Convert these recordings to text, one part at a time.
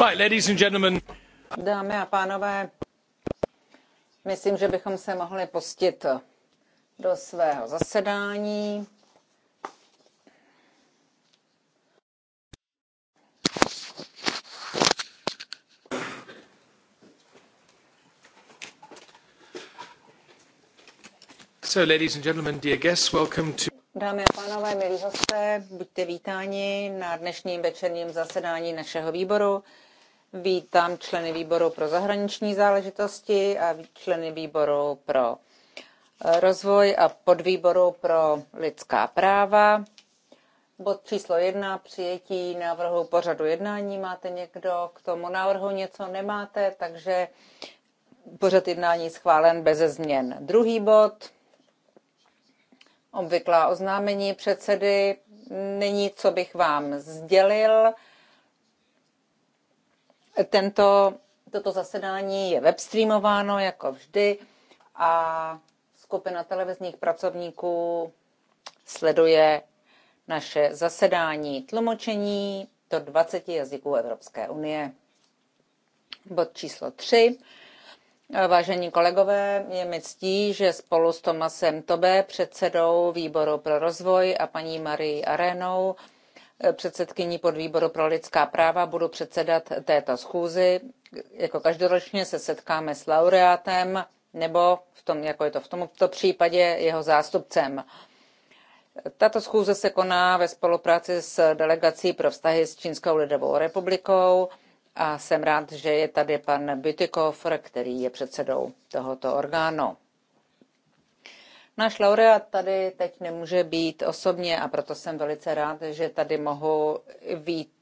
Right, Dámy a pánové, myslím, že bychom se mohli pustit do svého zasedání. So, ladies and gentlemen, dear guests, welcome to... Dámy a pánové, milí hosté, buďte vítáni na dnešním večerním zasedání našeho výboru. Vítám členy výboru pro zahraniční záležitosti a členy výboru pro eh, rozvoj a podvýboru pro lidská práva. Bod číslo jedna, přijetí návrhu pořadu jednání. Máte někdo k tomu návrhu něco? Nemáte, takže pořad jednání schválen beze změn. Druhý bod, obvyklá oznámení předsedy. Není, co bych vám sdělil. Tento, toto zasedání je webstreamováno jako vždy a skupina televizních pracovníků sleduje naše zasedání tlumočení do 20 jazyků Evropské unie. Bod číslo 3. Vážení kolegové, je mi ctí, že spolu s Tomasem Tobe, předsedou výboru pro rozvoj a paní Marii Arenou, předsedkyní podvýboru pro lidská práva, budu předsedat této schůzi. Jako každoročně se setkáme s laureátem nebo, v tom, jako je to v tomto případě, jeho zástupcem. Tato schůze se koná ve spolupráci s delegací pro vztahy s Čínskou lidovou republikou a jsem rád, že je tady pan Bytykov, který je předsedou tohoto orgánu. Náš laureát tady teď nemůže být osobně a proto jsem velice rád, že tady mohu vít,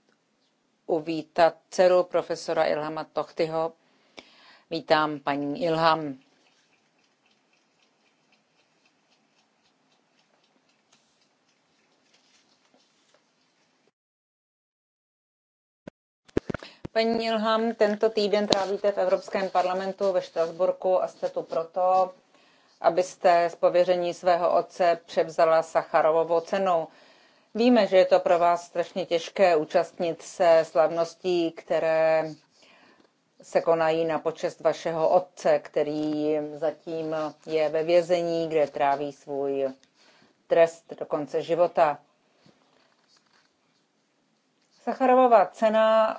uvítat dceru profesora Ilhama Tochtyho. Vítám paní Ilham. Paní Ilham, tento týden trávíte v Evropském parlamentu ve Štrasburku a jste tu proto, abyste z pověření svého otce převzala Sacharovovu cenu. Víme, že je to pro vás strašně těžké účastnit se slavností, které se konají na počest vašeho otce, který zatím je ve vězení, kde tráví svůj trest do konce života. Sacharovova cena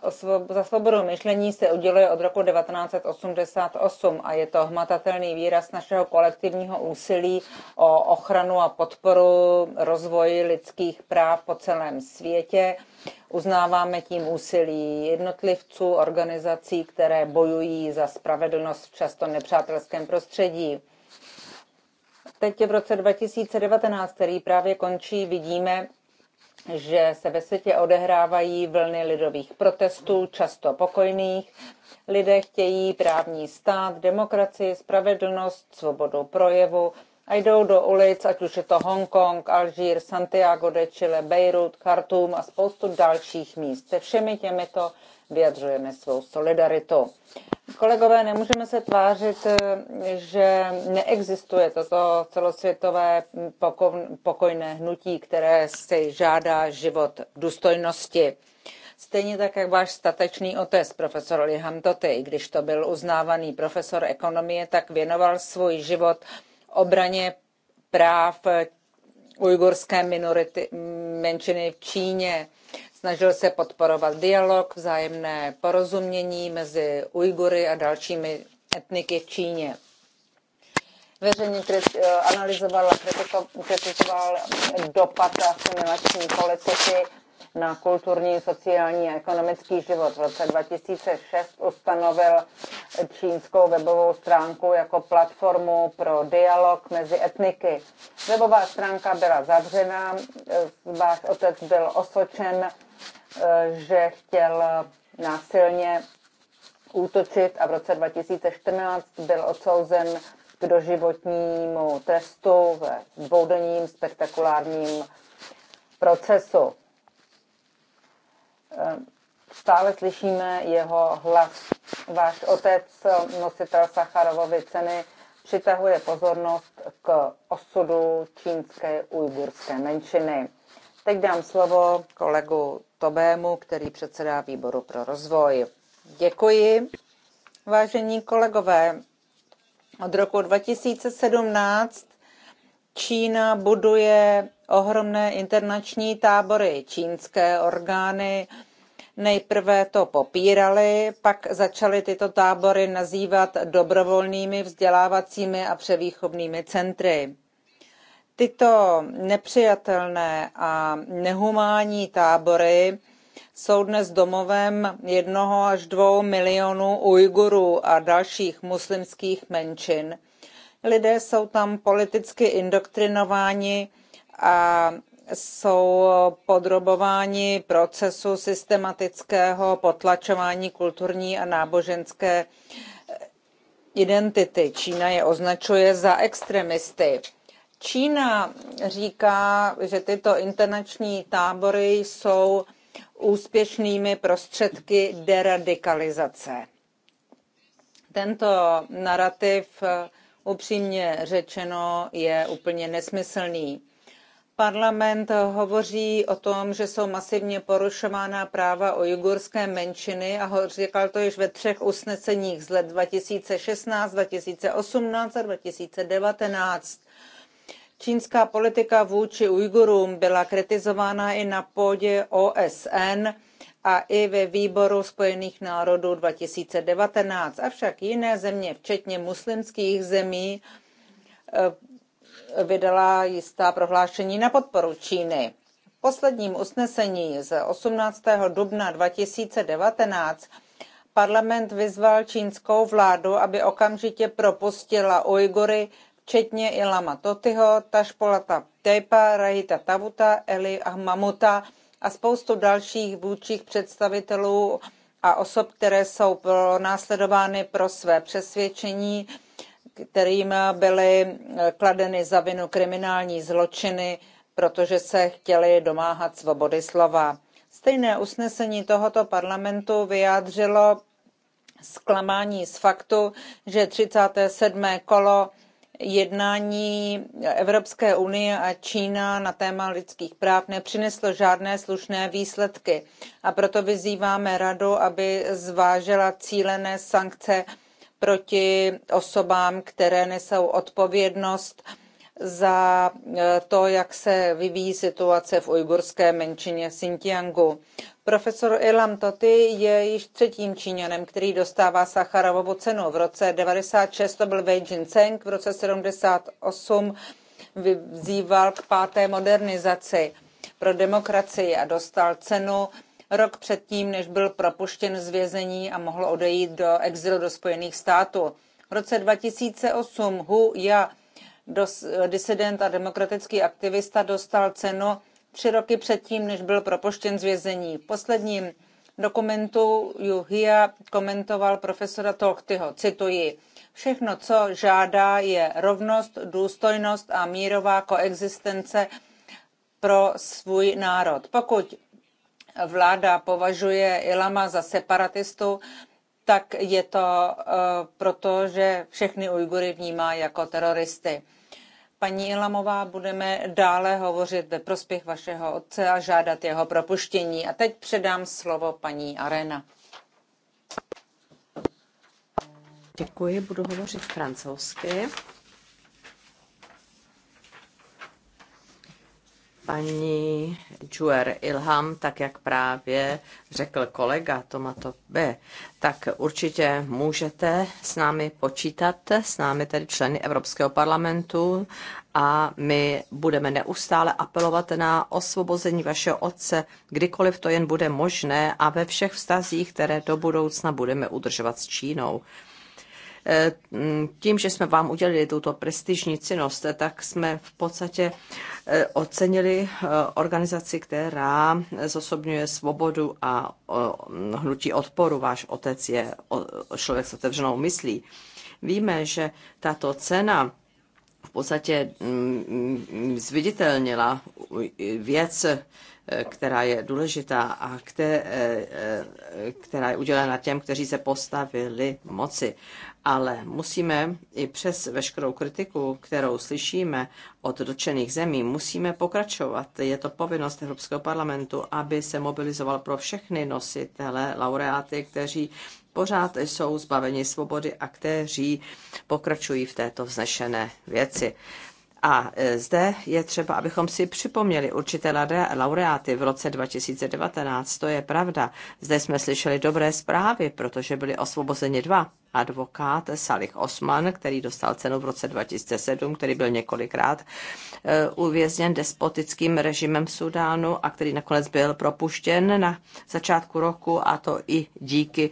za svobodu myšlení se uděluje od roku 1988 a je to hmatatelný výraz našeho kolektivního úsilí o ochranu a podporu rozvoji lidských práv po celém světě. Uznáváme tím úsilí jednotlivců, organizací, které bojují za spravedlnost v často nepřátelském prostředí. Teď v roce 2019, který právě končí, vidíme, že se ve světě odehrávají vlny lidových protestů, často pokojných. Lidé chtějí právní stát, demokracii, spravedlnost, svobodu projevu a jdou do ulic, ať už je to Hongkong, Alžír, Santiago de Chile, Beirut, Khartoum a spoustu dalších míst. Se všemi těmito vyjadřujeme svou solidaritu. Kolegové, nemůžeme se tvářit, eh, že neexistuje toto celosvětové pokojné hnutí, které si žádá život důstojnosti. Stejně tak, jak váš statečný otec, profesor Liham Toty, když to byl uznávaný profesor ekonomie, tak věnoval svůj život obraně práv ujgurské minority, menšiny v Číně. Snažil se podporovat dialog, vzájemné porozumění mezi Ujgury a dalšími etniky v Číně. Veřejně eh, analyzoval a kritizoval dopad asimilační politiky na kulturní, sociální a ekonomický život. V roce 2006 ustanovil čínskou webovou stránku jako platformu pro dialog mezi etniky. Webová stránka byla zavřena, eh, váš otec byl osočen Eh, že chtěl násilně útočit a v roce 2014 byl odsouzen k doživotnímu trestu ve dvoudenním spektakulárním procesu. Eh, stále slyšíme jeho hlas. Váš otec, nositel Sacharovovy ceny, přitahuje pozornost k osudu čínské ujgurské menšiny. Teď dám slovo kolegu Tobému, který předsedá výboru pro rozvoj. Děkuji. Vážení kolegové, od roku 2017 Čína buduje ohromné internační tábory. Čínské orgány nejprve to popírali, pak začaly tyto tábory nazývat dobrovolnými vzdělávacími a převýchovnými centry. Tyto nepřijatelné a nehumánní tábory jsou dnes domovem jednoho až dvou milionů Ujgurů a dalších muslimských menšin. Lidé jsou tam politicky indoktrinováni a jsou podrobováni procesu systematického potlačování kulturní a náboženské identity. Čína je označuje za extremisty Čína říká, že tyto internační tábory jsou úspěšnými prostředky deradikalizace. Tento narrativ, upřímně řečeno, je úplně nesmyslný. Parlament hovoří o tom, že jsou masivně porušována práva o jugurské menšiny a říkal to již ve třech usneseních z let 2016, 2018 a 2019 Čínská politika vůči Ujgurům byla kritizována i na půdě OSN a i ve výboru Spojených národů 2019. Avšak jiné země, včetně muslimských zemí, eh, vydala jistá prohlášení na podporu Číny. V posledním usnesení z 18. dubna 2019 parlament vyzval čínskou vládu, aby okamžitě propustila Ujgury včetně Lama Totyho, Tašpolata Tejpa, Rahita Tavuta, Eli Mamuta a spoustu dalších vůdčích představitelů a osob, které jsou následovány pro své přesvědčení, kterým byly kladeny za vinu kriminální zločiny, protože se chtěli domáhat svobody slova. Stejné usnesení tohoto parlamentu vyjádřilo zklamání z faktu, že 37. kolo jednání Evropské unie a Čína na téma lidských práv nepřineslo žádné slušné výsledky. A proto vyzýváme radu, aby zvážila cílené sankce proti osobám, které nesou odpovědnost za eh, to, jak se vyvíjí situace v ujgurské menšině Xinjiangu. Profesor Ilam Toty je již třetím Číňanem, který dostává Sacharovovu cenu. V roce 96 to byl Wei Jinceng, v roce 78 vyzýval k páté modernizaci pro demokracii a dostal cenu rok předtím, než byl propuštěn z vězení a mohl odejít do exilu do Spojených států. V roce 2008 Hu Ya disident a demokratický aktivista dostal cenu tři roky předtím, než byl propuštěn z vězení. V posledním dokumentu Juhia komentoval profesora Tolktyho, cituji, všechno, co žádá, je rovnost, důstojnost a mírová koexistence pro svůj národ. Pokud vláda považuje Ilama za separatistu, tak je to uh, proto, že všechny Ujgury vnímá jako teroristy. Paní Ilamová, budeme dále hovořit ve prospěch vašeho otce a žádat jeho propuštění. A teď předám slovo paní Arena. Děkuji, budu hovořit francouzsky. paní Juer Ilham, tak jak právě řekl kolega Tomato B, tak určitě můžete s námi počítat, s námi tedy členy Evropského parlamentu a my budeme neustále apelovat na osvobození vašeho otce, kdykoliv to jen bude možné a ve všech vztazích, které do budoucna budeme udržovat s Čínou. Eh, mm, tím, že jsme vám udělili tuto prestižní cenost, eh, tak jsme v podstatě eh, ocenili organizaci, která zosobňuje svobodu a hnutí odporu. Váš otec je člověk s otevřenou myslí. Víme, že tato cena v podstatě mm, zviditelnila věc, která je důležitá a která je udělena těm, kteří se postavili moci ale musíme i přes veškerou kritiku, kterou slyšíme od dotčených zemí, musíme pokračovat. Je to povinnost Evropského parlamentu, aby se mobilizoval pro všechny nositele, laureáty, kteří pořád jsou zbaveni svobody a kteří pokračují v této vznešené věci. A e, zde je třeba, abychom si připomněli určité laureáty v roce 2019. To je pravda. Zde jsme slyšeli dobré zprávy, protože byli osvobozeni dva advokát Salih Osman, který dostal cenu v roce 2007, který byl několikrát eh, uvězněn despotickým režimem v Sudánu a který nakonec byl propuštěn na začátku roku a to i díky,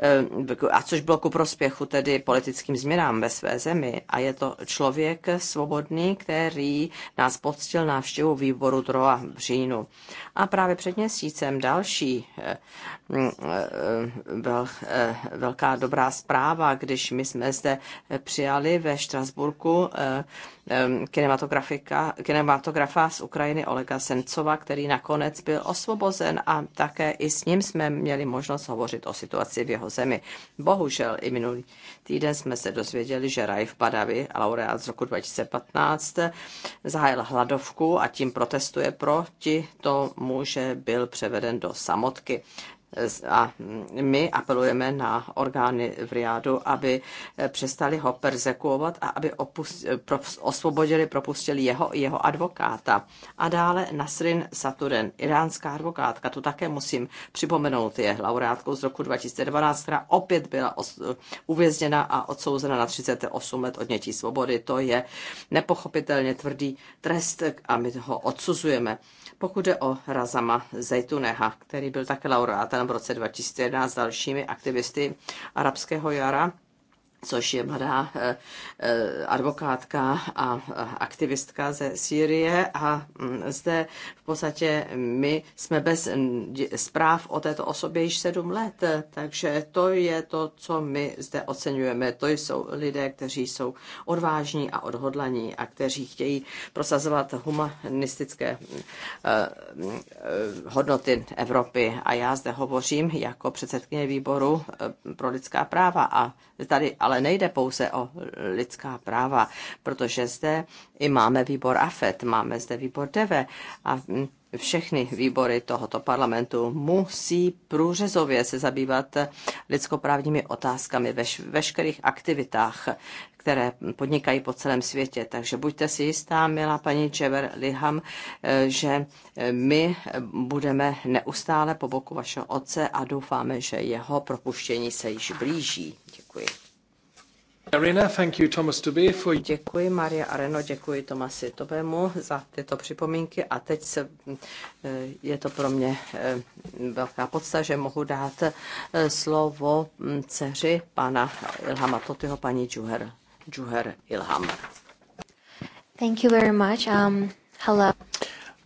eh, a což bylo ku prospěchu tedy politickým změnám ve své zemi. A je to člověk svobodný, který nás poctil návštěvu výboru Troa v říjnu. A právě před měsícem další eh, mm, velká dobrá zpráva práva, když my jsme zde přijali ve Štrasburku eh, eh, kinematografika, kinematografa z Ukrajiny Olega Sencova, který nakonec byl osvobozen a také i s ním jsme měli možnost hovořit o situaci v jeho zemi. Bohužel i minulý týden jsme se dozvěděli, že Raif Badavi, laureát z roku 2015, zahájil hladovku a tím protestuje proti tomu, že byl převeden do samotky a my apelujeme na orgány v Riádu, aby přestali ho persekuovat a aby opust, osvobodili, propustili jeho jeho advokáta. A dále Nasrin Saturen, iránská advokátka, tu také musím připomenout, je laureátkou z roku 2012, která opět byla os, uvězněna a odsouzena na 38 let odnětí svobody. To je nepochopitelně tvrdý trest a my ho odsuzujeme. Pokud jde o Razama Zejtuneha, který byl také laureátem v roce 2011 dalšími aktivisty arabského jara, což je mladá eh, eh, advokátka a aktivistka ze Sýrie a mm, zde v podstatě my jsme bez zpráv o této osobě již sedm let, eh, takže to je to, co my zde oceňujeme. To jsou lidé, kteří jsou odvážní a odhodlaní a kteří chtějí prosazovat humanistické hodnoty Evropy. A já zde hovořím jako předsedkyně výboru pro lidská práva a tady ale nejde pouze o eh, lidská práva, protože zde i máme výbor AFET, máme zde výbor DEVE a hm, všechny výbory tohoto parlamentu musí průřezově se zabývat eh, lidskoprávními otázkami ve veškerých aktivitách, které podnikají po celém světě. Takže buďte si jistá, milá paní Čever Liham, eh, že my budeme neustále po boku vašeho otce a doufáme, že jeho propuštění se již blíží. Děkuji. Arena, thank you, Thomas for... Děkuji Maria Areno, děkuji Tomasi Tobému za tyto připomínky a teď se, eh, je to pro mě eh, velká podsta, že mohu dát eh, slovo hm, dceři pana Ilhama Totyho, paní Juher, Juher Ilham. Thank you very much. Um, hello.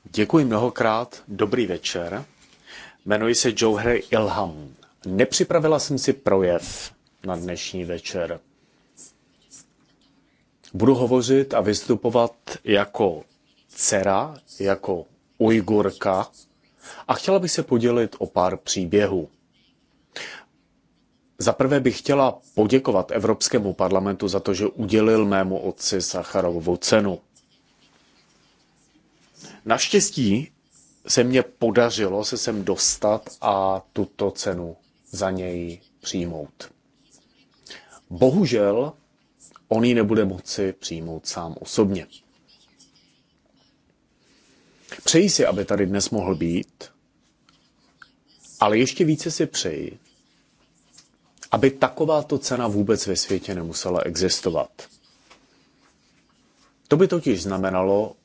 Děkuji mnohokrát, dobrý večer. Jmenuji se Joher Ilham. Nepřipravila jsem si projev na dnešní večer Budu hovořit a vystupovat jako dcera, jako Ujgurka a chtěla bych se podělit o pár příběhů. Za prvé bych chtěla poděkovat Evropskému parlamentu za to, že udělil mému otci Sacharovovu cenu. Naštěstí se mně podařilo se sem dostat a tuto cenu za něj přijmout. Bohužel on ji nebude moci přijmout sám osobně. Přeji si, aby tady dnes mohl být, ale ještě více si přeji, aby takováto cena vůbec ve světě nemusela existovat. To by totiž znamenalo,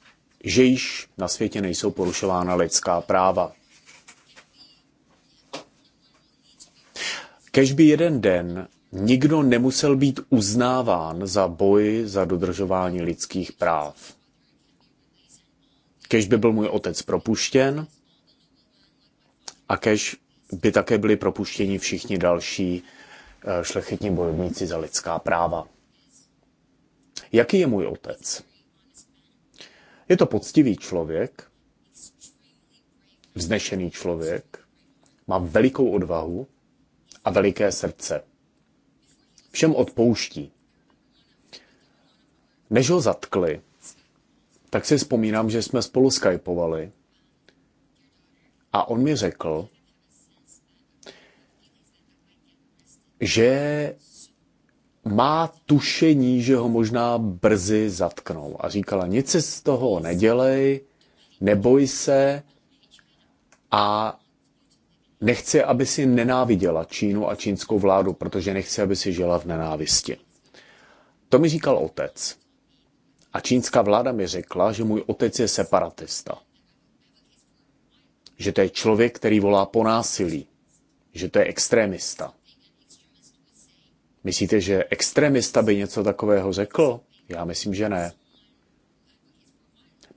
že již na světě nejsou porušována lidská práva. Kež by jeden den Nikdo nemusel být uznáván za boj za dodržování lidských práv. Kež by byl můj otec propuštěn a kež by také byli propuštěni všichni další eh, šlechetní bojovníci za lidská práva. Jaký je můj otec? Je to poctivý člověk, vznešený člověk, má velikou odvahu a veliké srdce všem odpouští. Než ho zatkli, tak si vzpomínám, že jsme spolu skypovali a on mi řekl, že má tušení, že ho možná brzy zatknou. A říkala, nic si z toho nedělej, neboj se a Nechce, aby si nenáviděla Čínu a čínskou vládu, protože nechce, aby si žila v nenávisti. To mi říkal otec. A čínská vláda mi řekla, že můj otec je separatista. Že to je člověk, který volá po násilí. Že to je extremista. Myslíte, že extremista by něco takového řekl? Já myslím, že ne.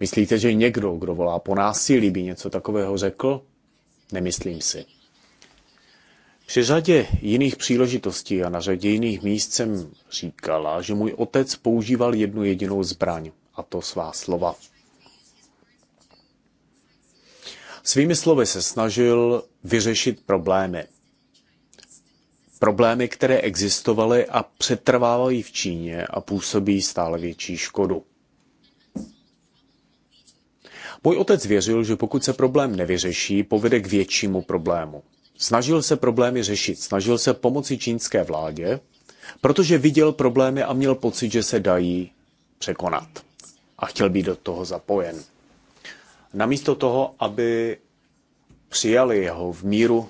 Myslíte, že někdo, kdo volá po násilí, by něco takového řekl? Nemyslím si. Při řadě jiných příležitostí a na řadě jiných míst jsem říkala, že můj otec používal jednu jedinou zbraň, a to svá slova. Svými slovy se snažil vyřešit problémy. Problémy, které existovaly a přetrvávají v Číně a působí stále větší škodu. Můj otec věřil, že pokud se problém nevyřeší, povede k většímu problému. Snažil se problémy řešit, snažil se pomoci čínské vládě, protože viděl problémy a měl pocit, že se dají překonat. A chtěl být do toho zapojen. Namísto toho, aby přijali jeho v míru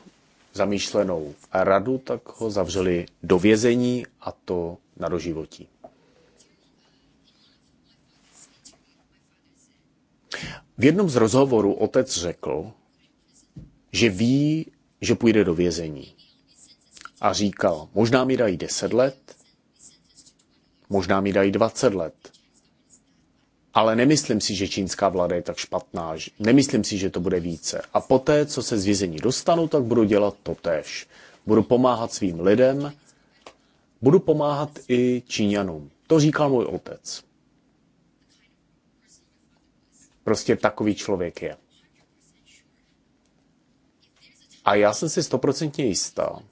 zamýšlenou radu, tak ho zavřeli do vězení a to na doživotí. V jednom z rozhovorů otec řekl, že ví, že půjde do vězení. A říkal, možná mi dají 10 let, možná mi dají 20 let. Ale nemyslím si, že čínská vláda je tak špatná. Nemyslím si, že to bude více. A poté, co se z vězení dostanu, tak budu dělat to tež. Budu pomáhat svým lidem, budu pomáhat i Číňanům. To říkal můj otec. Prostě takový člověk je. A já jsem si stoprocentně jistá,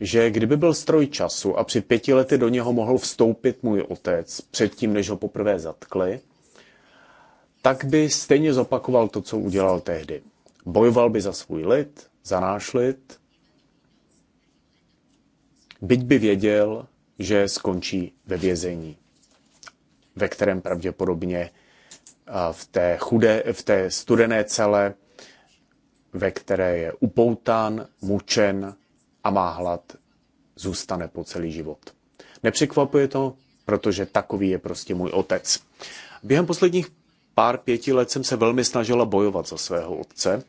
že kdyby byl stroj času a před pěti lety do něho mohl vstoupit můj otec, předtím, než ho poprvé zatkli, tak by stejně zopakoval to, co udělal tehdy. Bojoval by za svůj lid, za náš lid, byť by věděl, že skončí ve vězení, ve kterém pravděpodobně v té chudé, v té studené cele, ve které je upoután, mučen a má hlad, zůstane po celý život. Nepřekvapuje to, protože takový je prostě můj otec. Během posledních pár pěti let jsem se velmi snažila bojovat za svého otce.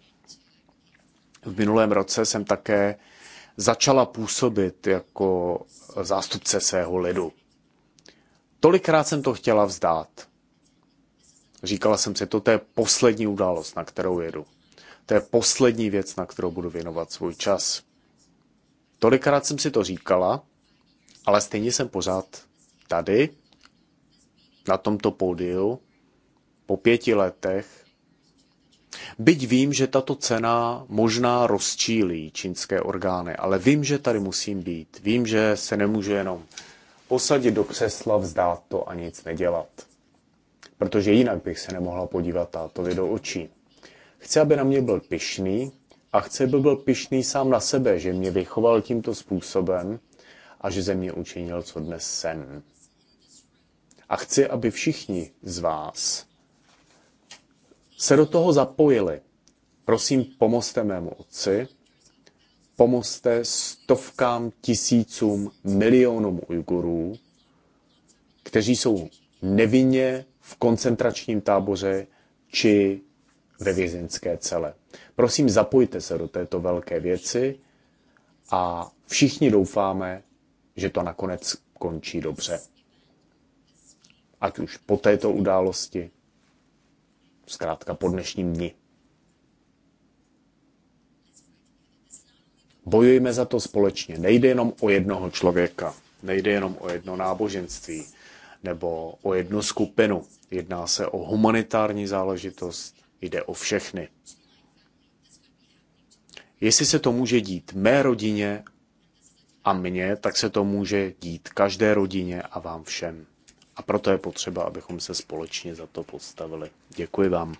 V minulém roce jsem také začala působit jako zástupce svého lidu. Tolikrát jsem to chtěla vzdát. Říkala jsem si, to, to je poslední událost, na kterou jedu. To je poslední věc, na kterou budu věnovat svůj čas. Tolikrát jsem si to říkala, ale stejně jsem pořád tady, na tomto pódiu, po pěti letech. Byť vím, že tato cena možná rozčílí čínské orgány, ale vím, že tady musím být. Vím, že se nemůžu jenom posadit do křesla, vzdát to a nic nedělat protože jinak bych se nemohla podívat tátovi do očí. Chci, aby na mě byl pišný a chci, aby byl pišný sám na sebe, že mě vychoval tímto způsobem a že ze mě učinil, co dnes sen. A chci, aby všichni z vás se do toho zapojili. Prosím, pomozte mému otci, pomozte stovkám, tisícům, milionům Ujgurů, kteří jsou nevinně v koncentračním táboře či ve vězeňské cele. Prosím, zapojte se do této velké věci a všichni doufáme, že to nakonec končí dobře. Ať už po této události, zkrátka po dnešním dni. Bojujeme za to společně. Nejde jenom o jednoho člověka, nejde jenom o jedno náboženství nebo o jednu skupinu. Jedná se o humanitární záležitost, jde o všechny. Jestli se to může dít mé rodině a mně, tak se to může dít každé rodině a vám všem. A proto je potřeba, abychom se společně za to postavili. Děkuji vám.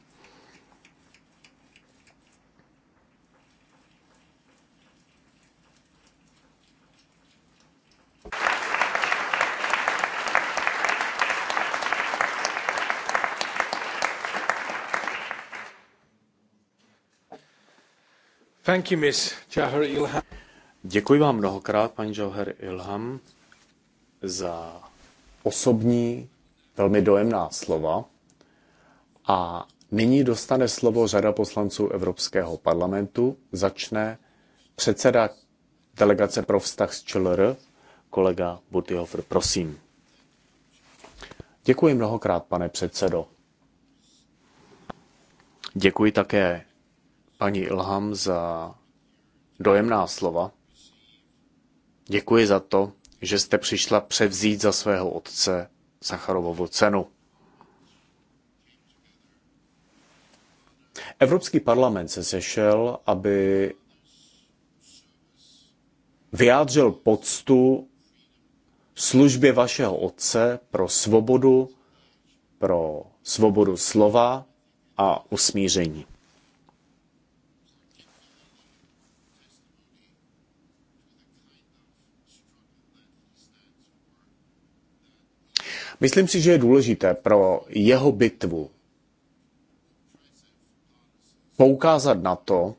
Thank you, Miss Jahar Ilham. Děkuji vám mnohokrát, paní Jahar Ilham, za osobní, velmi dojemná slova. A nyní dostane slovo řada poslanců Evropského parlamentu. Začne předseda delegace pro vztah s ČLR, kolega Butyhofer. Prosím. Děkuji mnohokrát, pane předsedo. Děkuji také paní Ilham za dojemná slova. Děkuji za to, že jste přišla převzít za svého otce Sacharovovu cenu. Evropský parlament se sešel, aby vyjádřil poctu službě vašeho otce pro svobodu, pro svobodu slova a usmíření. Myslím si, že je důležité pro jeho bitvu poukázat na to,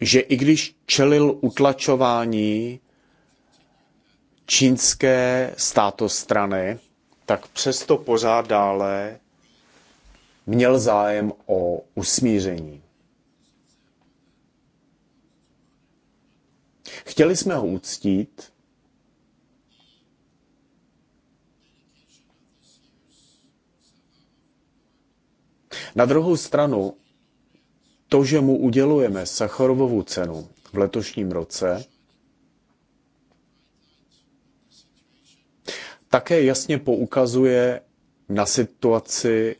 že i když čelil utlačování čínské státostrany, tak přesto pořád dále měl zájem o usmíření. Chtěli jsme ho uctít, Na druhou stranu, to, že mu udělujeme Sacharovovu cenu v letošním roce, také jasně poukazuje na situaci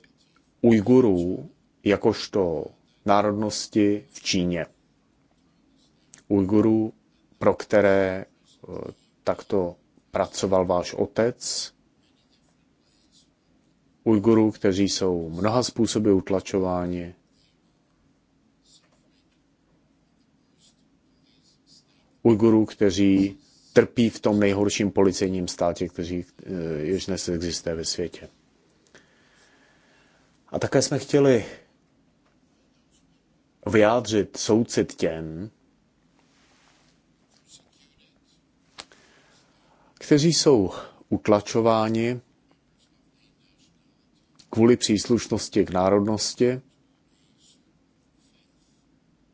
Ujgurů jakožto národnosti v Číně. Ujgurů, pro které eh, takto pracoval váš otec, Ujgurů, kteří jsou mnoha způsoby utlačováni. Ujgurů, kteří trpí v tom nejhorším policejním státě, kteří eh, jež dnes existuje ve světě. A také jsme chtěli vyjádřit soucit těm, kteří jsou utlačováni kvůli příslušnosti k národnosti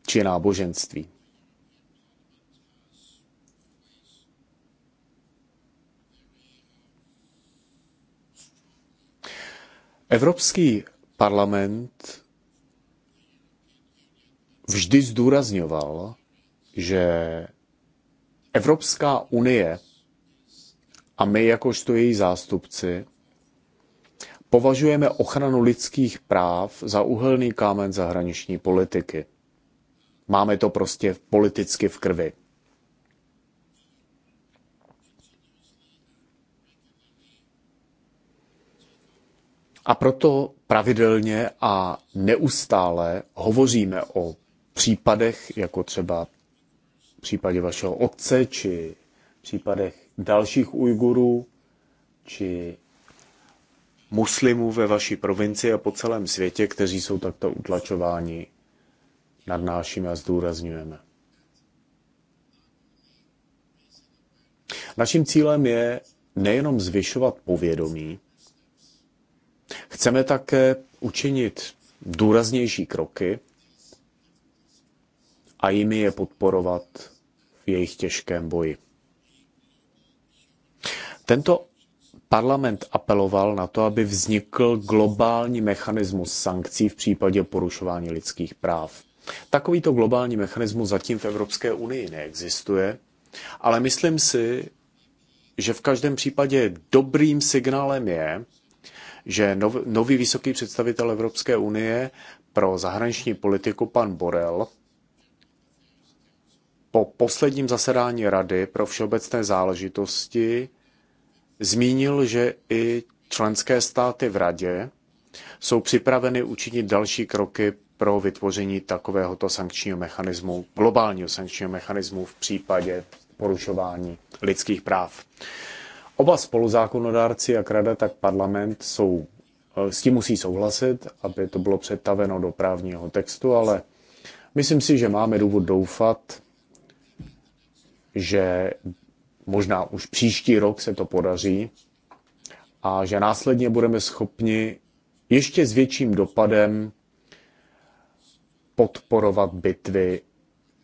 či náboženství. Evropský parlament vždy zdůrazňoval, že Evropská unie a my jakožto její zástupci Považujeme ochranu lidských práv za uhelný kámen zahraniční politiky. Máme to prostě politicky v krvi. A proto pravidelně a neustále hovoříme o případech, jako třeba v případě vašeho otce, či v případech dalších Ujgurů, či muslimů ve vaší provinci a po celém světě, kteří jsou takto utlačováni, nadnášíme a zdůrazňujeme. Naším cílem je nejenom zvyšovat povědomí, chceme také učinit důraznější kroky a jimi je podporovat v jejich těžkém boji. Tento Parlament apeloval na to, aby vznikl globální mechanismus sankcí v případě porušování lidských práv. Takovýto globální mechanismus zatím v Evropské unii neexistuje, ale myslím si, že v každém případě dobrým signálem je, že nov, nový vysoký představitel Evropské unie pro zahraniční politiku pan Borel po posledním zasedání Rady pro všeobecné záležitosti Zmínil, že i členské státy v Radě jsou připraveny učinit další kroky pro vytvoření takovéhoto sankčního mechanismu, globálního sankčního mechanismu v případě porušování lidských práv. Oba spoluzákonodárci, jak Rada, tak parlament, jsou, eh, s tím musí souhlasit, aby to bylo přetaveno do právního textu, ale myslím si, že máme důvod doufat, že možná už příští rok se to podaří a že následně budeme schopni ještě s větším dopadem podporovat bitvy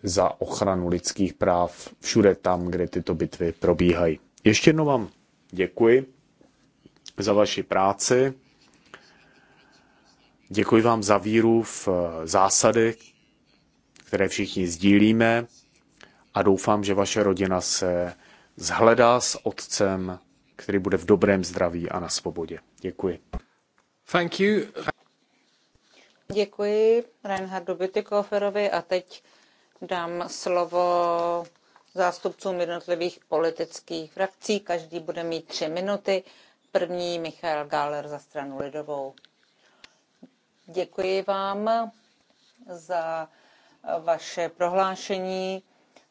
za ochranu lidských práv všude tam, kde tyto bitvy probíhají. Ještě jednou vám děkuji za vaši práci. Děkuji vám za víru v zásady, které všichni sdílíme a doufám, že vaše rodina se zhledá s otcem, který bude v dobrém zdraví a na svobodě. Děkuji. Thank you. Děkuji Reinhardu Bütikoferovi a teď dám slovo zástupcům jednotlivých politických frakcí. Každý bude mít tři minuty. První Michal Gáler za stranu Lidovou. Děkuji vám za vaše prohlášení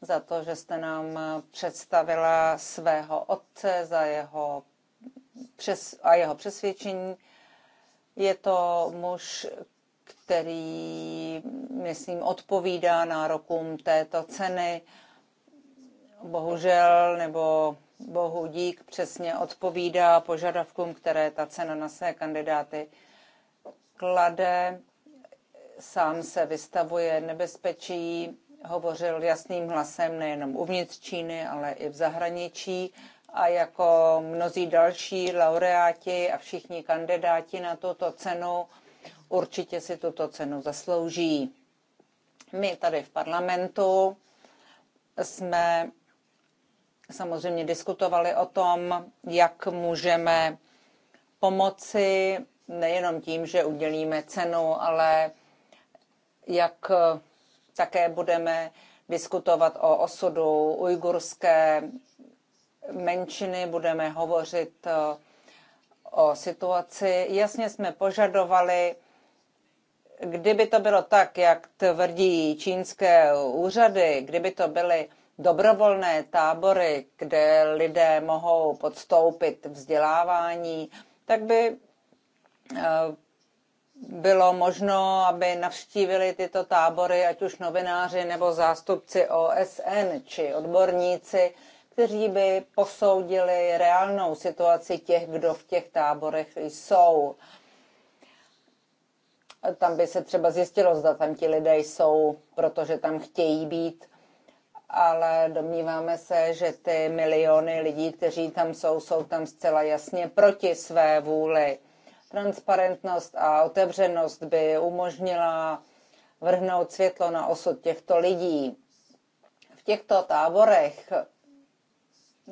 za to, že jste nám představila svého otce za jeho přes, a jeho přesvědčení. Je to muž, který, myslím, odpovídá nárokům této ceny. Bohužel, nebo bohu dík, přesně odpovídá požadavkům, které ta cena na své kandidáty klade. Sám se vystavuje nebezpečí hovořil jasným hlasem nejenom uvnitř Číny, ale i v zahraničí. A jako mnozí další laureáti a všichni kandidáti na tuto cenu určitě si tuto cenu zaslouží. My tady v parlamentu jsme samozřejmě diskutovali o tom, jak můžeme pomoci nejenom tím, že udělíme cenu, ale jak také budeme diskutovat o osudu ujgurské menšiny, budeme hovořit eh, o situaci. Jasně jsme požadovali, kdyby to bylo tak, jak tvrdí čínské úřady, kdyby to byly dobrovolné tábory, kde lidé mohou podstoupit vzdělávání, tak by eh, bylo možno, aby navštívili tyto tábory, ať už novináři nebo zástupci OSN či odborníci, kteří by posoudili reálnou situaci těch, kdo v těch táborech jsou. Tam by se třeba zjistilo, zda tam ti lidé jsou, protože tam chtějí být, ale domníváme se, že ty miliony lidí, kteří tam jsou, jsou tam zcela jasně proti své vůli Transparentnost a otevřenost by umožnila vrhnout světlo na osud těchto lidí. V těchto táborech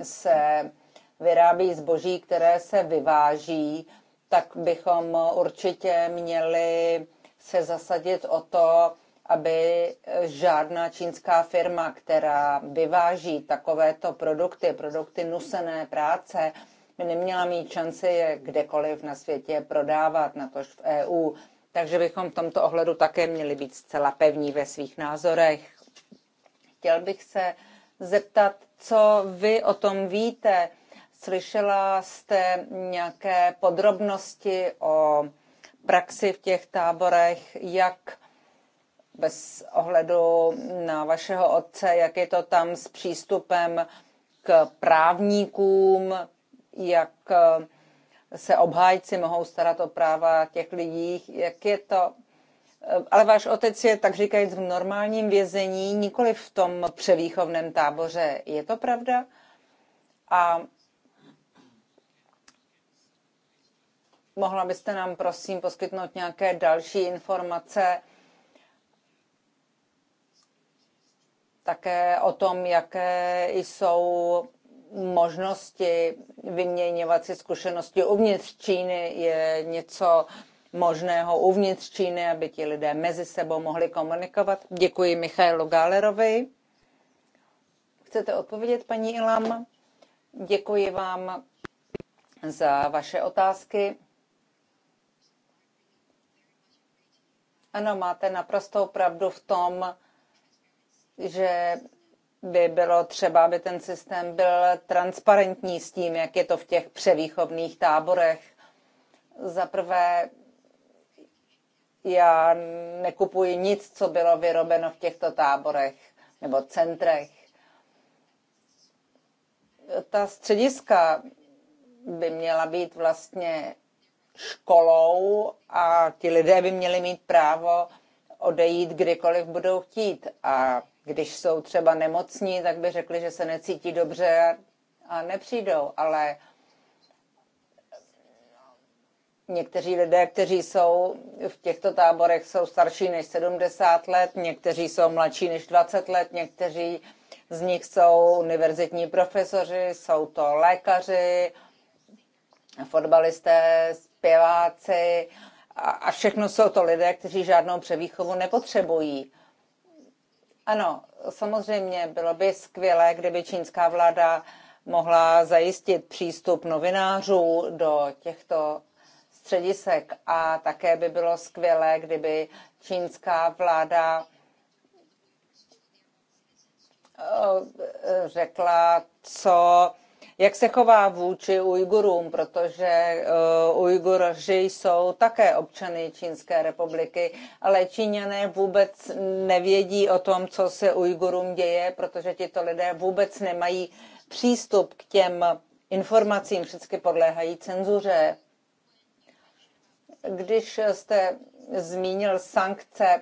se vyrábí zboží, které se vyváží, tak bychom určitě měli se zasadit o to, aby žádná čínská firma, která vyváží takovéto produkty, produkty nusené práce, by neměla mít šanci je kdekoliv na světě prodávat, natož v EU. Takže bychom v tomto ohledu také měli být zcela pevní ve svých názorech. Chtěl bych se zeptat, co vy o tom víte. Slyšela jste nějaké podrobnosti o praxi v těch táborech, jak bez ohledu na vašeho otce, jak je to tam s přístupem k právníkům, jak eh, se obhájci mohou starat o práva těch lidí, jak je to. Eh, ale váš otec je, tak říkajíc, v normálním vězení, nikoli v tom převýchovném táboře. Je to pravda? A mohla byste nám, prosím, poskytnout nějaké další informace také o tom, jaké jsou možnosti vyměňovat si zkušenosti uvnitř Číny je něco možného uvnitř Číny, aby ti lidé mezi sebou mohli komunikovat. Děkuji Michailu Gálerovi. Chcete odpovědět, paní Ilam? Děkuji vám za vaše otázky. Ano, máte naprostou pravdu v tom, že by bylo třeba, aby ten systém byl transparentní s tím, jak je to v těch převýchovných táborech. Za prvé, já nekupuji nic, co bylo vyrobeno v těchto táborech nebo centrech. Ta střediska by měla být vlastně školou a ti lidé by měli mít právo odejít kdykoliv budou chtít. A když jsou třeba nemocní, tak by řekli, že se necítí dobře a nepřijdou, ale Někteří lidé, kteří jsou v těchto táborech, jsou starší než 70 let, někteří jsou mladší než 20 let, někteří z nich jsou univerzitní profesoři, jsou to lékaři, fotbalisté, zpěváci a, všechno jsou to lidé, kteří žádnou převýchovu nepotřebují. Ano, samozřejmě bylo by skvělé, kdyby čínská vláda mohla zajistit přístup novinářů do těchto středisek a také by bylo skvělé, kdyby čínská vláda eh, řekla, co jak se chová vůči Ujgurům, protože eh, Ujguři jsou také občany Čínské republiky, ale Číňané vůbec nevědí o tom, co se Ujgurům děje, protože tito lidé vůbec nemají přístup k těm informacím, vždycky podléhají cenzuře. Když jste zmínil sankce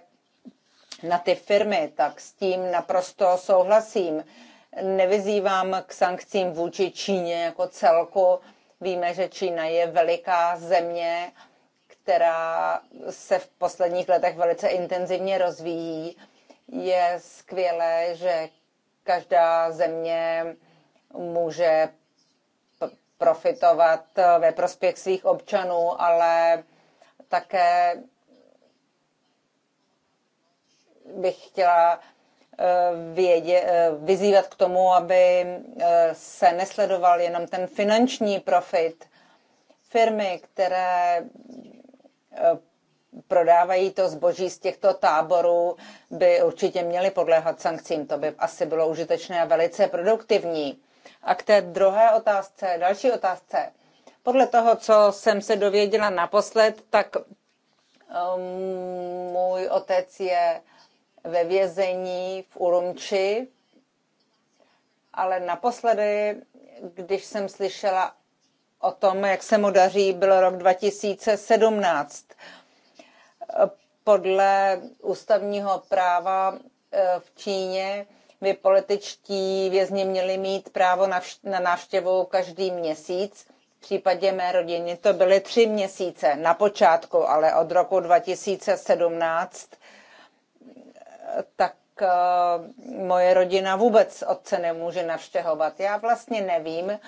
na ty firmy, tak s tím naprosto souhlasím nevyzývám k sankcím vůči Číně jako celku. Víme, že Čína je veliká země, která se v posledních letech velice intenzivně rozvíjí. Je skvělé, že každá země může profitovat ve prospěch svých občanů, ale také bych chtěla Eh, vědě, eh, vyzývat k tomu, aby eh, se nesledoval jenom ten finanční profit. Firmy, které prodávají to zboží z těchto táborů, by určitě měly podléhat sankcím. To by asi bylo užitečné a velice produktivní. A k té druhé otázce, další otázce. Podle toho, co jsem se dověděla naposled, tak um, můj otec je ve vězení v Urumči, ale naposledy, když jsem slyšela o tom, jak se mu daří, byl rok 2017. Podle ústavního práva eh, v Číně by političtí vězni měli mít právo na návštěvu každý měsíc. V případě mé rodiny to byly tři měsíce na počátku, ale od roku 2017 tak eh, moje rodina vůbec otce nemůže navštěhovat. Já vlastně nevím,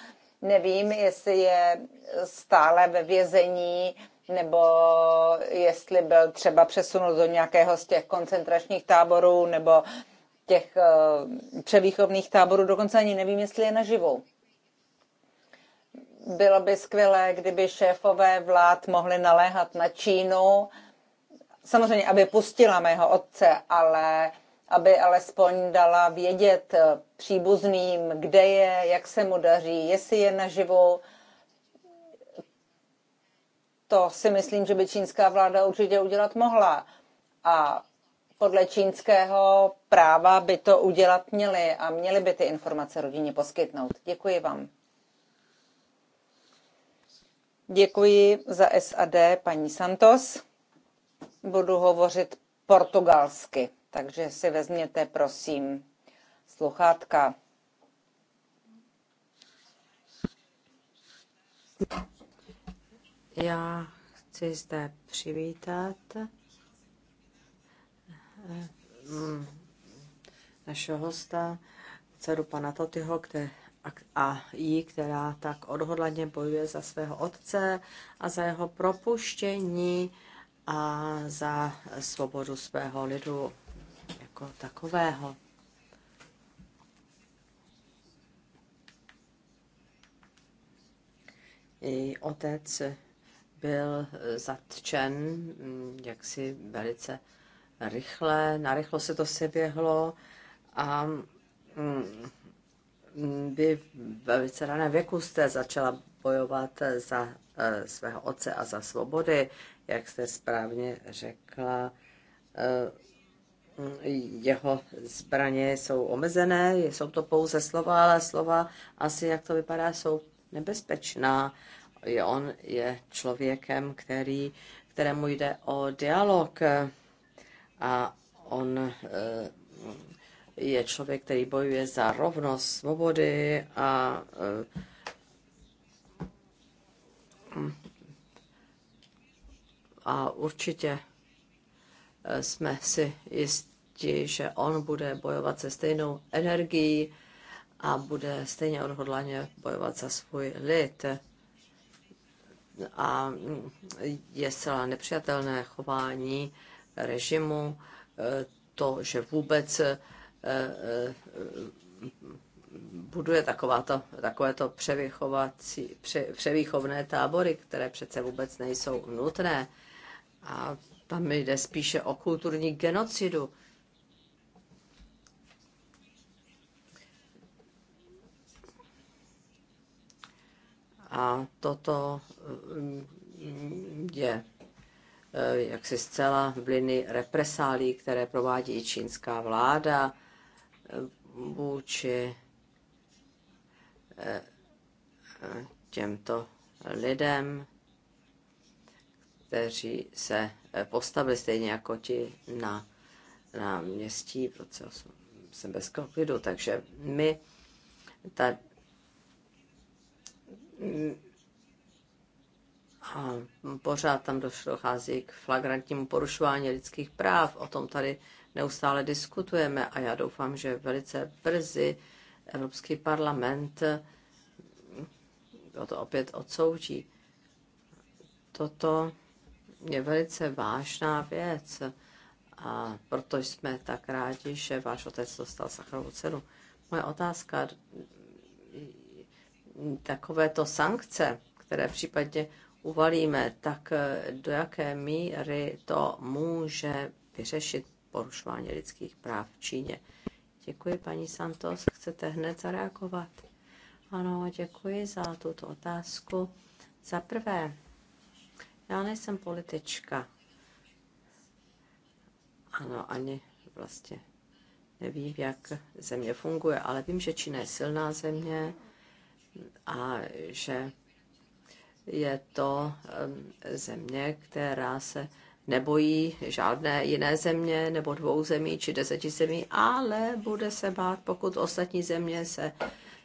nevím, jestli je stále ve vězení nebo jestli byl třeba přesunut do nějakého z těch koncentračních táborů nebo těch eh, převýchovných táborů. Dokonce ani nevím, jestli je naživou. Bylo by skvělé, kdyby šéfové vlád mohli naléhat na Čínu, samozřejmě, aby pustila mého otce, ale aby alespoň dala vědět eh, příbuzným, kde je, jak se mu daří, jestli je naživu. To si myslím, že by čínská vláda určitě udělat mohla. A podle čínského práva by to udělat měli a měli by ty informace rodině poskytnout. Děkuji vám. Děkuji za SAD paní Santos budu hovořit portugalsky, takže si vezměte prosím sluchátka. Já chci zde přivítat eh, našeho hosta, dceru pana Totyho, který a jí, která tak odhodlaně bojuje za svého otce a za jeho propuštění a za svobodu svého lidu jako takového. I otec byl zatčen mm, jaksi velice rychle, narychlo se to seběhlo a mm, vy ve velice raném věku jste začala bojovat za eh, svého otce a za svobody jak jste správně řekla, eh, jeho zbraně jsou omezené, jsou to pouze slova, ale slova asi, jak to vypadá, jsou nebezpečná. On je člověkem, který, kterému jde o dialog a on eh, je člověk, který bojuje za rovnost, svobody a eh, a určitě e, jsme si jistí, že on bude bojovat se stejnou energií a bude stejně odhodlaně bojovat za svůj lid. A mm, je zcela nepřijatelné chování režimu, e, to, že vůbec e, buduje takováto, takovéto převychovací, pře, převýchovné tábory, které přece vůbec nejsou nutné. A tam jde spíše o kulturní genocidu. A toto mm, je eh, jaksi zcela v linii represálí, které provádí čínská vláda eh, vůči eh, těmto lidem kteří se eh, postavili stejně jako ti na městí v roce 8. Jsem bez klidu, takže my ta, a pořád tam dochází k flagrantnímu porušování lidských práv. O tom tady neustále diskutujeme a já doufám, že velice brzy Evropský parlament eh, to opět odsoudí. Toto je velice vážná věc a proto jsme tak rádi, že váš otec dostal sacharovou cenu. Moje otázka, takovéto sankce, které případně uvalíme, tak do jaké míry to může vyřešit porušování lidských práv v Číně? Děkuji, paní Santos. Chcete hned zareagovat? Ano, děkuji za tuto otázku. Za prvé, já nejsem politička. Ano, ani vlastně nevím, jak země funguje, ale vím, že Čína je silná země a že je to země, která se nebojí žádné jiné země nebo dvou zemí či deseti zemí, ale bude se bát, pokud ostatní země se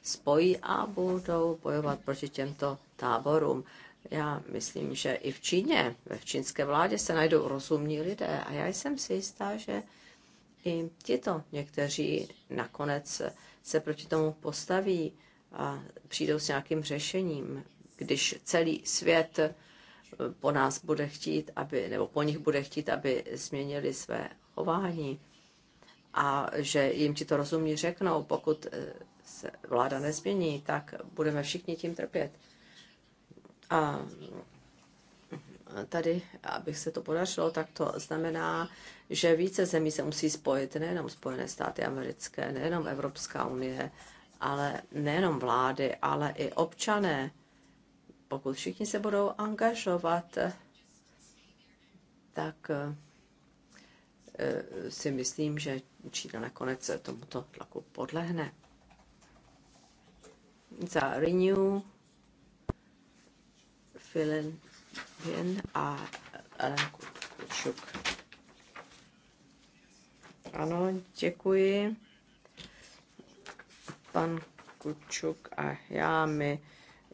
spojí a budou bojovat proti těmto táborům. Já myslím, že i v Číně, ve čínské vládě se najdou rozumní lidé a já jsem si jistá, že i tito někteří nakonec se proti tomu postaví a přijdou s nějakým řešením, když celý svět eh, po nás bude chtít, aby, nebo po nich bude chtít, aby změnili své chování a že jim ti to rozumí řeknou, pokud eh, se vláda nezmění, tak budeme všichni tím trpět. A tady, abych se to podařilo, tak to znamená, že více zemí se musí spojit, nejenom Spojené státy americké, nejenom Evropská unie, ale nejenom vlády, ale i občané. Pokud všichni se budou angažovat, tak eh, si myslím, že Čína nakonec tomuto tlaku podlehne. Za Renew Filen a Ellen Kučuk. Ano, děkuji. Pan Kučuk a já, my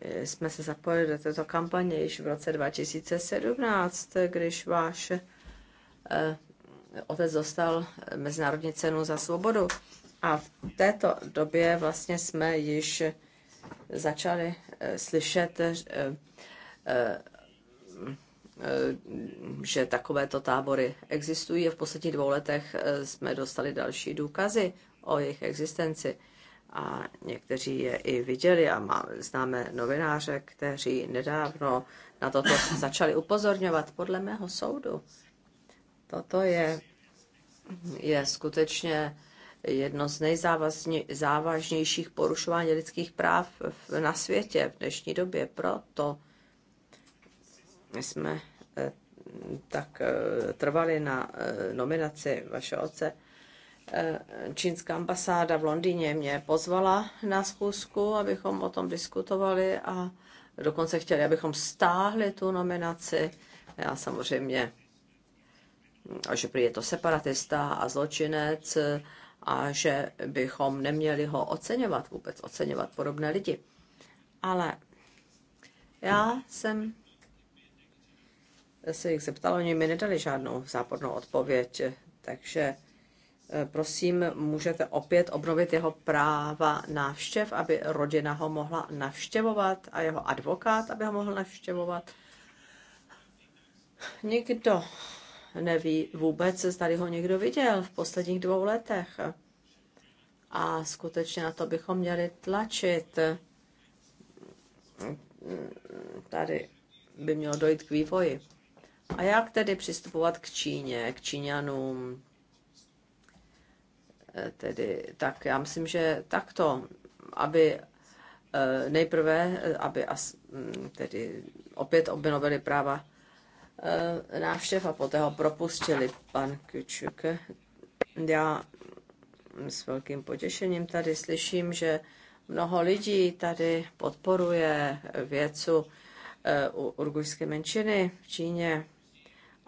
eh, jsme se zapojili do této kampaně již v roce 2017, když váš eh, otec dostal Mezinárodní cenu za svobodu. A v této době vlastně jsme již začali eh, slyšet Eh, že takovéto tábory existují v posledních dvou letech eh, jsme dostali další důkazy o jejich existenci a někteří je i viděli a má, známe novináře, kteří nedávno na toto začali upozorňovat. Podle mého soudu toto je, je skutečně jedno z nejzávažnějších porušování lidských práv na světě v dnešní době. Proto my jsme eh, tak eh, trvali na eh, nominaci vašeho otce. Čínská ambasáda v Londýně mě pozvala na schůzku, abychom o tom diskutovali a dokonce chtěli, abychom stáhli tu nominaci. Já samozřejmě, a že prý je to separatista a zločinec a že bychom neměli ho oceňovat vůbec, oceňovat podobné lidi. Ale já jsem se jich zeptal, oni mi nedali žádnou zápornou odpověď, takže eh, prosím, můžete opět obnovit jeho práva návštěv, aby rodina ho mohla navštěvovat a jeho advokát, aby ho mohl navštěvovat. Nikdo neví vůbec, zda ho někdo viděl v posledních dvou letech. A skutečně na to bychom měli tlačit. Tady by mělo dojít k vývoji. A jak tedy přistupovat k Číně, k Číňanům? E, tedy, tak já myslím, že takto, aby e, nejprve, e, aby as, mm, tedy opět obnovili práva návštěv a poté ho propustili pan Kučuk. Já s velkým potěšením tady slyším, že mnoho lidí tady podporuje věcu urgujské menšiny v Číně.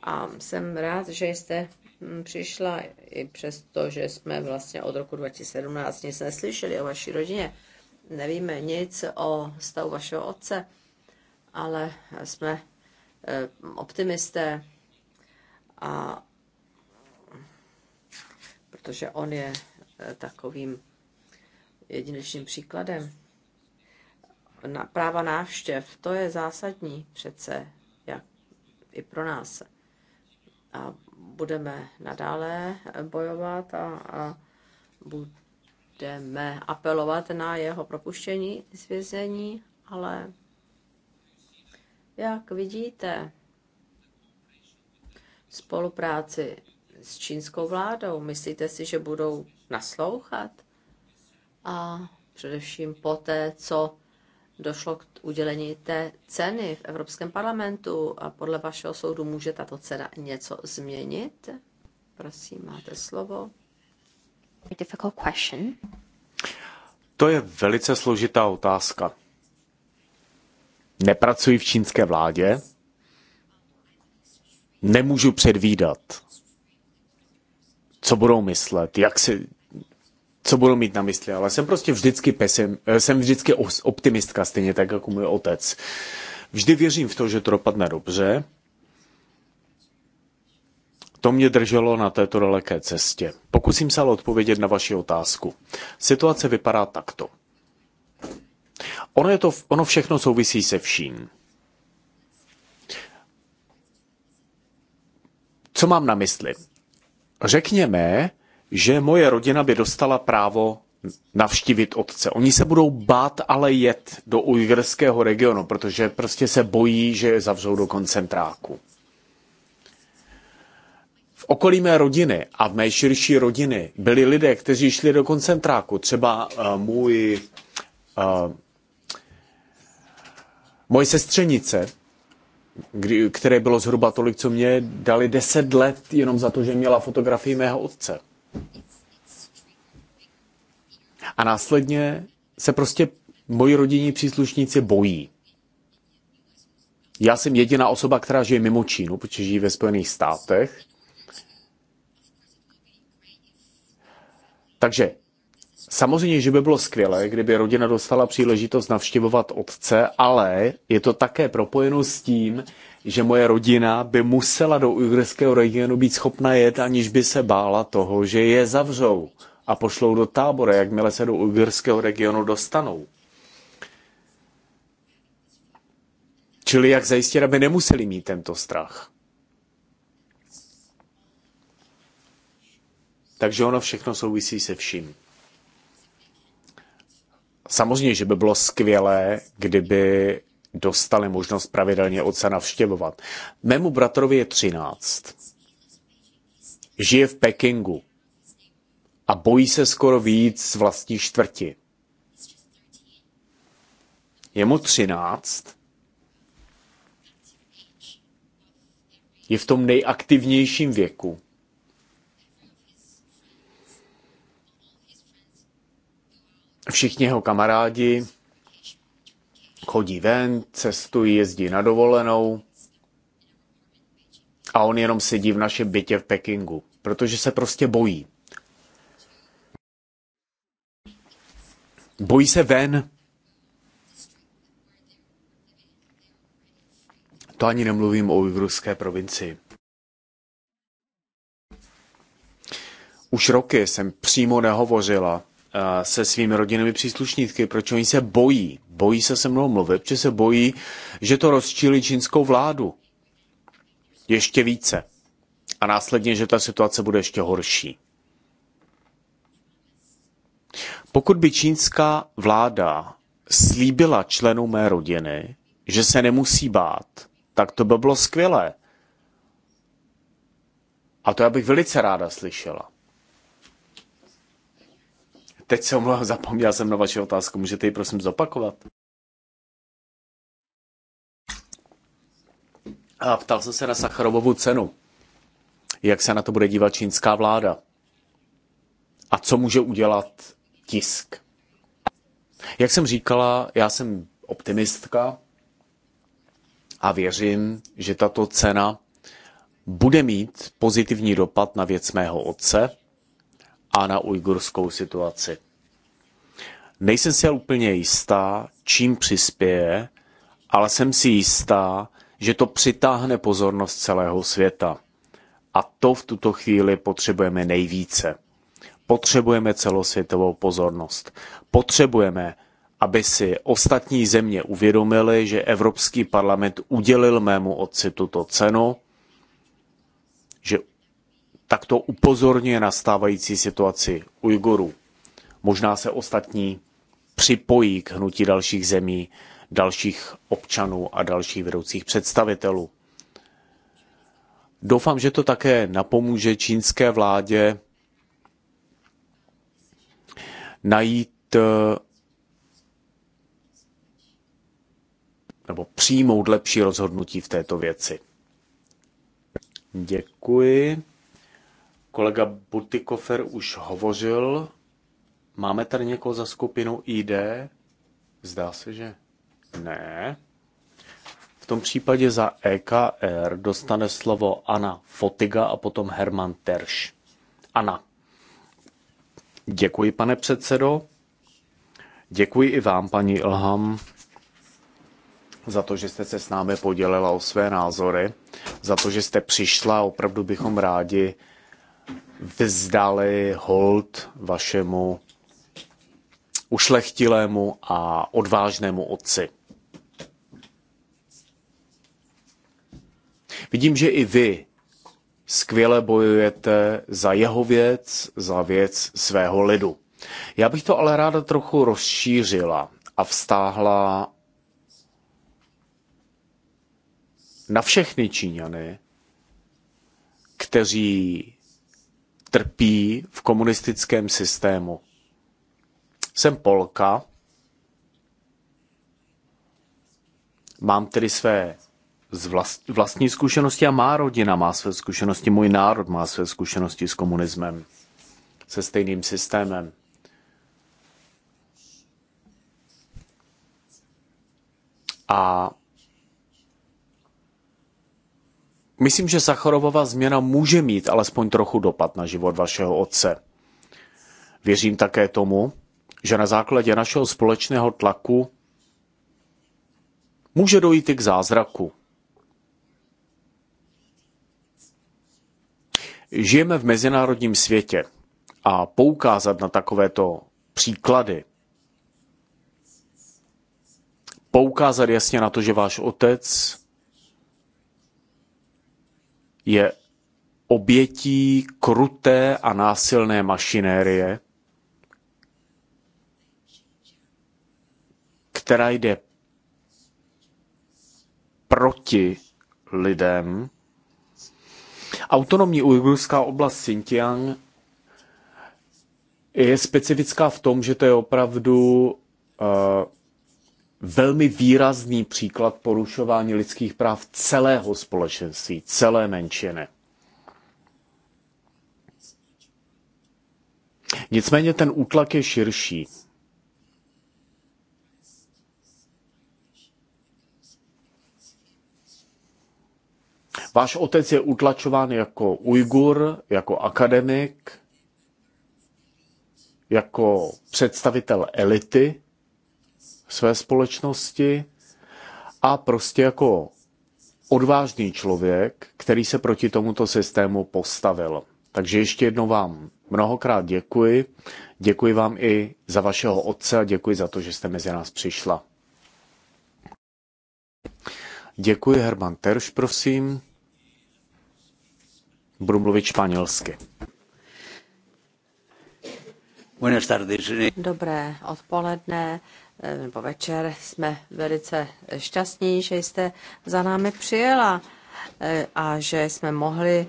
A jsem rád, že jste mm, přišla i přesto, že jsme vlastně od roku 2017 nic neslyšeli o vaší rodině. Nevíme nic o stavu vašeho otce, ale jsme e, optimisté a protože on je e, takovým jedinečným příkladem. Na práva návštěv, to je zásadní přece, jak i pro nás a budeme nadále bojovat a, a budeme apelovat na jeho propuštění z vězení, ale jak vidíte, spolupráci s čínskou vládou, myslíte si, že budou naslouchat? A především poté, co došlo k udělení té ceny v Evropském parlamentu a podle vašeho soudu může tato cena něco změnit? Prosím, máte slovo. To je velice složitá otázka. Nepracuji v čínské vládě, nemůžu předvídat, co budou myslet, jak si, co budu mít na mysli, ale jsem prostě vždycky pesim, eh, jsem vždycky optimistka, stejně tak jako můj otec. Vždy věřím v to, že to dopadne dobře. To mě drželo na této daleké cestě. Pokusím se ale odpovědět na vaši otázku. Situace vypadá takto. Ono, je to, ono všechno souvisí se vším. Co mám na mysli? Řekněme, že moje rodina by dostala právo navštívit otce. Oni se budou bát ale jet do ujgerského regionu, protože prostě se bojí, že je zavřou do koncentráku. V okolí mé rodiny a v mé širší rodiny byli lidé, kteří šli do koncentráku. Třeba uh, můj, uh, moje sestřenice, kdy, které bylo zhruba tolik, co mě dali deset let jenom za to, že měla fotografii mého otce. A následně se prostě moji rodinní příslušníci bojí. Já jsem jediná osoba, která žije mimo Čínu, protože žijí ve Spojených státech. Takže samozřejmě, že by bylo skvělé, kdyby rodina dostala příležitost navštěvovat otce, ale je to také propojeno s tím, že moje rodina by musela do ujgurského regionu být schopna jet, aniž by se bála toho, že je zavřou a pošlou do tábora, jakmile se do ujgurského regionu dostanou. Čili jak zajistit, aby nemuseli mít tento strach. Takže ono všechno souvisí se vším. Samozřejmě, že by bylo skvělé, kdyby dostali možnost pravidelně otce navštěvovat. Mému bratrovi je 13. Žije v Pekingu a bojí se skoro víc z vlastní čtvrti. Je mu 13. Je v tom nejaktivnějším věku. Všichni jeho kamarádi chodí ven, cestují, jezdí na dovolenou a on jenom sedí v našem bytě v Pekingu, protože se prostě bojí. Bojí se ven. To ani nemluvím o ujvruské provincii. Už roky jsem přímo nehovořila se svými rodinnými příslušníky, proč oni se bojí. Bojí se se mnou mluvit, protože se bojí, že to rozčílí čínskou vládu. Ještě více. A následně, že ta situace bude ještě horší. Pokud by čínská vláda slíbila členům mé rodiny, že se nemusí bát, tak to by bylo skvělé. A to já bych velice ráda slyšela. Teď se omlouvám, zapomněl jsem na vaši otázku. Můžete ji prosím zopakovat? A ptal jsem se na Sacharovovu cenu. Jak se na to bude dívat čínská vláda? A co může udělat tisk? Jak jsem říkala, já jsem optimistka a věřím, že tato cena bude mít pozitivní dopad na věc mého otce, a na ujgurskou situaci. Nejsem si úplně jistá, čím přispěje, ale jsem si jistá, že to přitáhne pozornost celého světa. A to v tuto chvíli potřebujeme nejvíce. Potřebujeme celosvětovou pozornost. Potřebujeme, aby si ostatní země uvědomili, že Evropský parlament udělil mému otci tuto cenu, že takto upozorňuje na stávající situaci Ujgurů. Možná se ostatní připojí k hnutí dalších zemí, dalších občanů a dalších vedoucích představitelů. Doufám, že to také napomůže čínské vládě najít nebo přijmout lepší rozhodnutí v této věci. Děkuji. Kolega Butikofer už hovořil. Máme tady někoho za skupinu ID? Zdá se, že ne. V tom případě za EKR dostane slovo Anna Fotiga a potom Herman Terš. Anna. Děkuji, pane předsedo. Děkuji i vám, paní Ilham, za to, že jste se s námi podělila o své názory, za to, že jste přišla. Opravdu bychom rádi vzdali hold vašemu ušlechtilému a odvážnému otci. Vidím, že i vy skvěle bojujete za jeho věc, za věc svého lidu. Já bych to ale ráda trochu rozšířila a vztáhla na všechny Číňany, kteří trpí v komunistickém systému. Jsem Polka, mám tedy své vlast, vlastní zkušenosti a má rodina má své zkušenosti, můj národ má své zkušenosti s komunismem, se stejným systémem. A Myslím, že Sacharovova změna může mít alespoň trochu dopad na život vašeho otce. Věřím také tomu, že na základě našeho společného tlaku může dojít i k zázraku. Žijeme v mezinárodním světě a poukázat na takovéto příklady, poukázat jasně na to, že váš otec je obětí kruté a násilné mašinérie, která jde proti lidem. Autonomní ujgurská oblast Xinjiang je specifická v tom, že to je opravdu uh, velmi výrazný příklad porušování lidských práv celého společenství, celé menšiny. Nicméně ten útlak je širší. Váš otec je utlačován jako Ujgur, jako akademik, jako představitel elity své společnosti a prostě jako odvážný člověk, který se proti tomuto systému postavil. Takže ještě jednou vám mnohokrát děkuji. Děkuji vám i za vašeho otce a děkuji za to, že jste mezi nás přišla. Děkuji, Herman Terš, prosím. Budu mluvit španělsky. Dobré odpoledne. Eh, nebo večer jsme velice šťastní, že jste za námi přijela eh, a že jsme mohli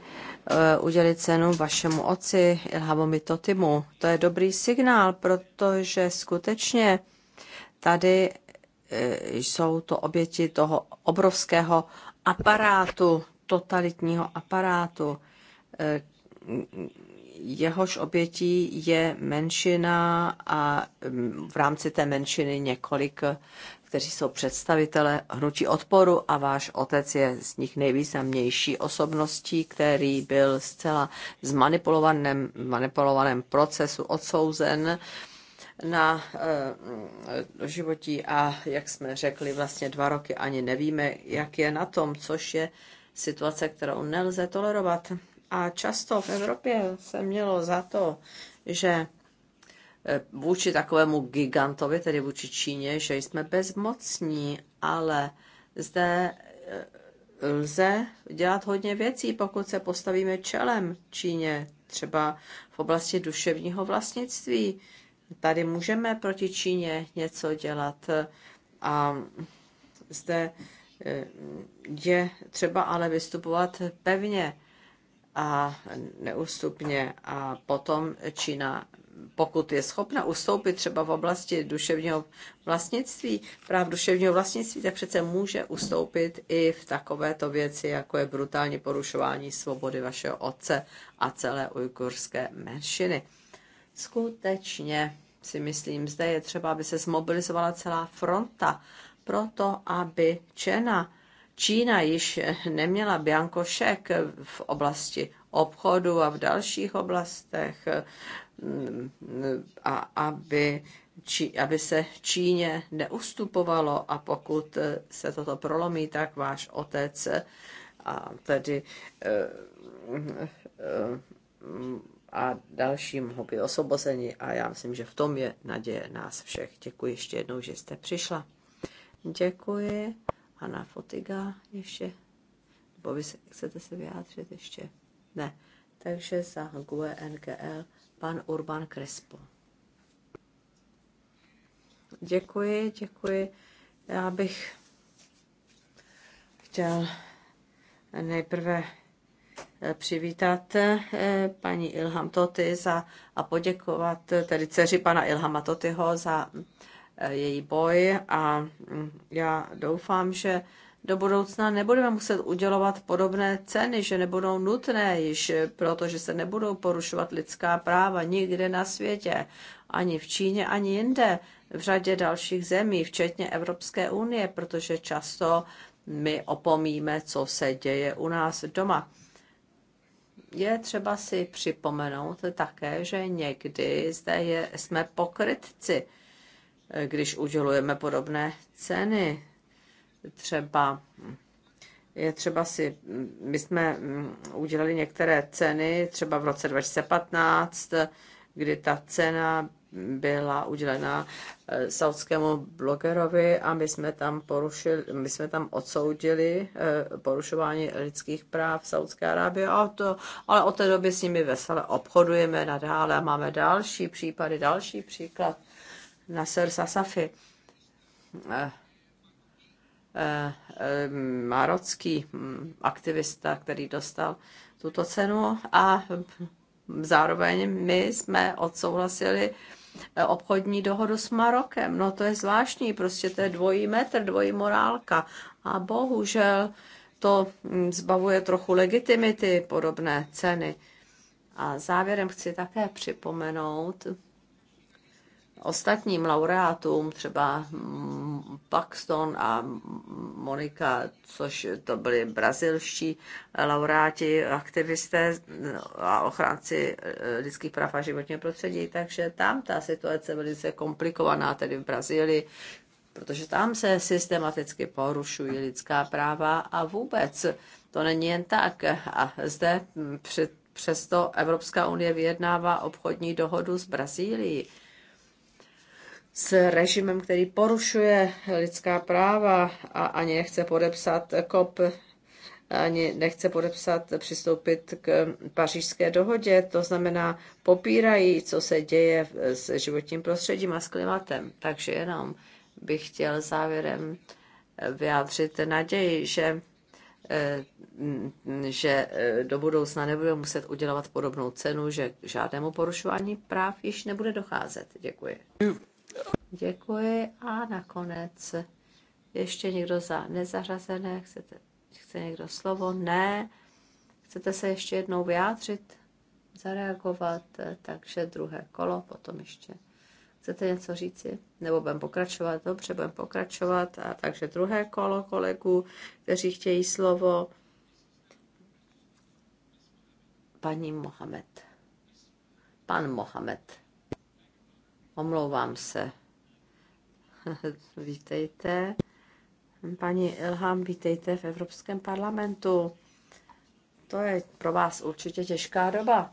eh, udělit cenu vašemu oci Ilhamu Totimu. To je dobrý signál, protože skutečně tady jsou to oběti toho obrovského aparátu, totalitního aparátu, jehož obětí je menšina a mm, v rámci té menšiny několik, kteří jsou představitele hnutí odporu a váš otec je z nich nejvýznamnější osobností, který byl zcela zmanipulovaném manipulovaném procesu odsouzen na eh, životí a jak jsme řekli, vlastně dva roky ani nevíme, jak je na tom, což je situace, kterou nelze tolerovat. A často v Evropě se mělo za to, že e, vůči takovému gigantovi, tedy vůči Číně, že jsme bezmocní, ale zde e, lze dělat hodně věcí, pokud se postavíme čelem Číně, třeba v oblasti duševního vlastnictví. Tady můžeme proti Číně něco dělat a zde e, je třeba ale vystupovat pevně a neústupně. A potom Čína, pokud je schopna ustoupit třeba v oblasti duševního vlastnictví, práv duševního vlastnictví, tak přece může ustoupit i v takovéto věci, jako je brutální porušování svobody vašeho otce a celé ujgurské menšiny. Skutečně si myslím, zde je třeba, aby se zmobilizovala celá fronta proto, aby Čena Čína již neměla biankošek v oblasti obchodu a v dalších oblastech, a aby, či, aby se Číně neustupovalo a pokud se toto prolomí, tak váš otec a tedy a další mohou být osvobozeni a já myslím, že v tom je naděje nás všech. Děkuji ještě jednou, že jste přišla. Děkuji. Pana Fotiga ještě? Nebo vy se, chcete se vyjádřit ještě? Ne. Takže za GUE NGL pan Urban Crespo. Děkuji, děkuji. Já bych chtěl nejprve eh, přivítat eh, paní Ilham Toty za, a poděkovat tedy dceři pana Ilhama Totyho za Eh, její boj a mm, já doufám, že do budoucna nebudeme muset udělovat podobné ceny, že nebudou nutné již, eh, protože se nebudou porušovat lidská práva nikde na světě, ani v Číně, ani jinde, v řadě dalších zemí, včetně Evropské unie, protože často my opomíme, co se děje u nás doma. Je třeba si připomenout také, že někdy zde je, jsme pokrytci když udělujeme podobné ceny. Třeba je třeba si, my jsme mm, udělali některé ceny, třeba v roce 2015, kdy ta cena byla udělena e, saudskému blogerovi a my jsme tam porušili, my jsme tam odsoudili e, porušování lidských práv v Saudské Arábie, a to, ale od té doby s nimi vesele obchodujeme nadále a máme další případy, další příklad Nasser Sasafi, eh, eh, eh, marocký hm, aktivista, který dostal tuto cenu a zároveň my jsme odsouhlasili obchodní dohodu s Marokem. No to je zvláštní, prostě to je dvojí metr, dvojí morálka. A bohužel to hm, zbavuje trochu legitimity podobné ceny. A závěrem chci také připomenout, ostatním laureátům, třeba Paxton a Monika, což to byli brazilští laureáti, aktivisté a ochránci eh, lidských práv a životního prostředí, takže tam ta situace velice komplikovaná, tedy v Brazílii, protože tam se systematicky porušují lidská práva a vůbec to není jen tak. A zde před, přesto Evropská unie vyjednává obchodní dohodu s Brazílií s režimem, který porušuje lidská práva a ani nechce podepsat COP, ani nechce podepsat, přistoupit k pařížské dohodě. To znamená, popírají, co se děje s životním prostředím a s klimatem. Takže jenom bych chtěl závěrem vyjádřit naději, že eh, že eh, do budoucna nebudeme muset udělovat podobnou cenu, že žádnému porušování práv již nebude docházet. Děkuji. Děkuji a nakonec ještě někdo za nezařazené? Chcete, chce někdo slovo? Ne. Chcete se ještě jednou vyjádřit, zareagovat? Takže druhé kolo, potom ještě. Chcete něco říci? Nebo budeme pokračovat? Dobře, budeme pokračovat. A takže druhé kolo kolegů, kteří chtějí slovo. Paní Mohamed. Pan Mohamed. Omlouvám se. vítejte. Paní Ilham, vítejte v Evropském parlamentu. To je pro vás určitě těžká doba.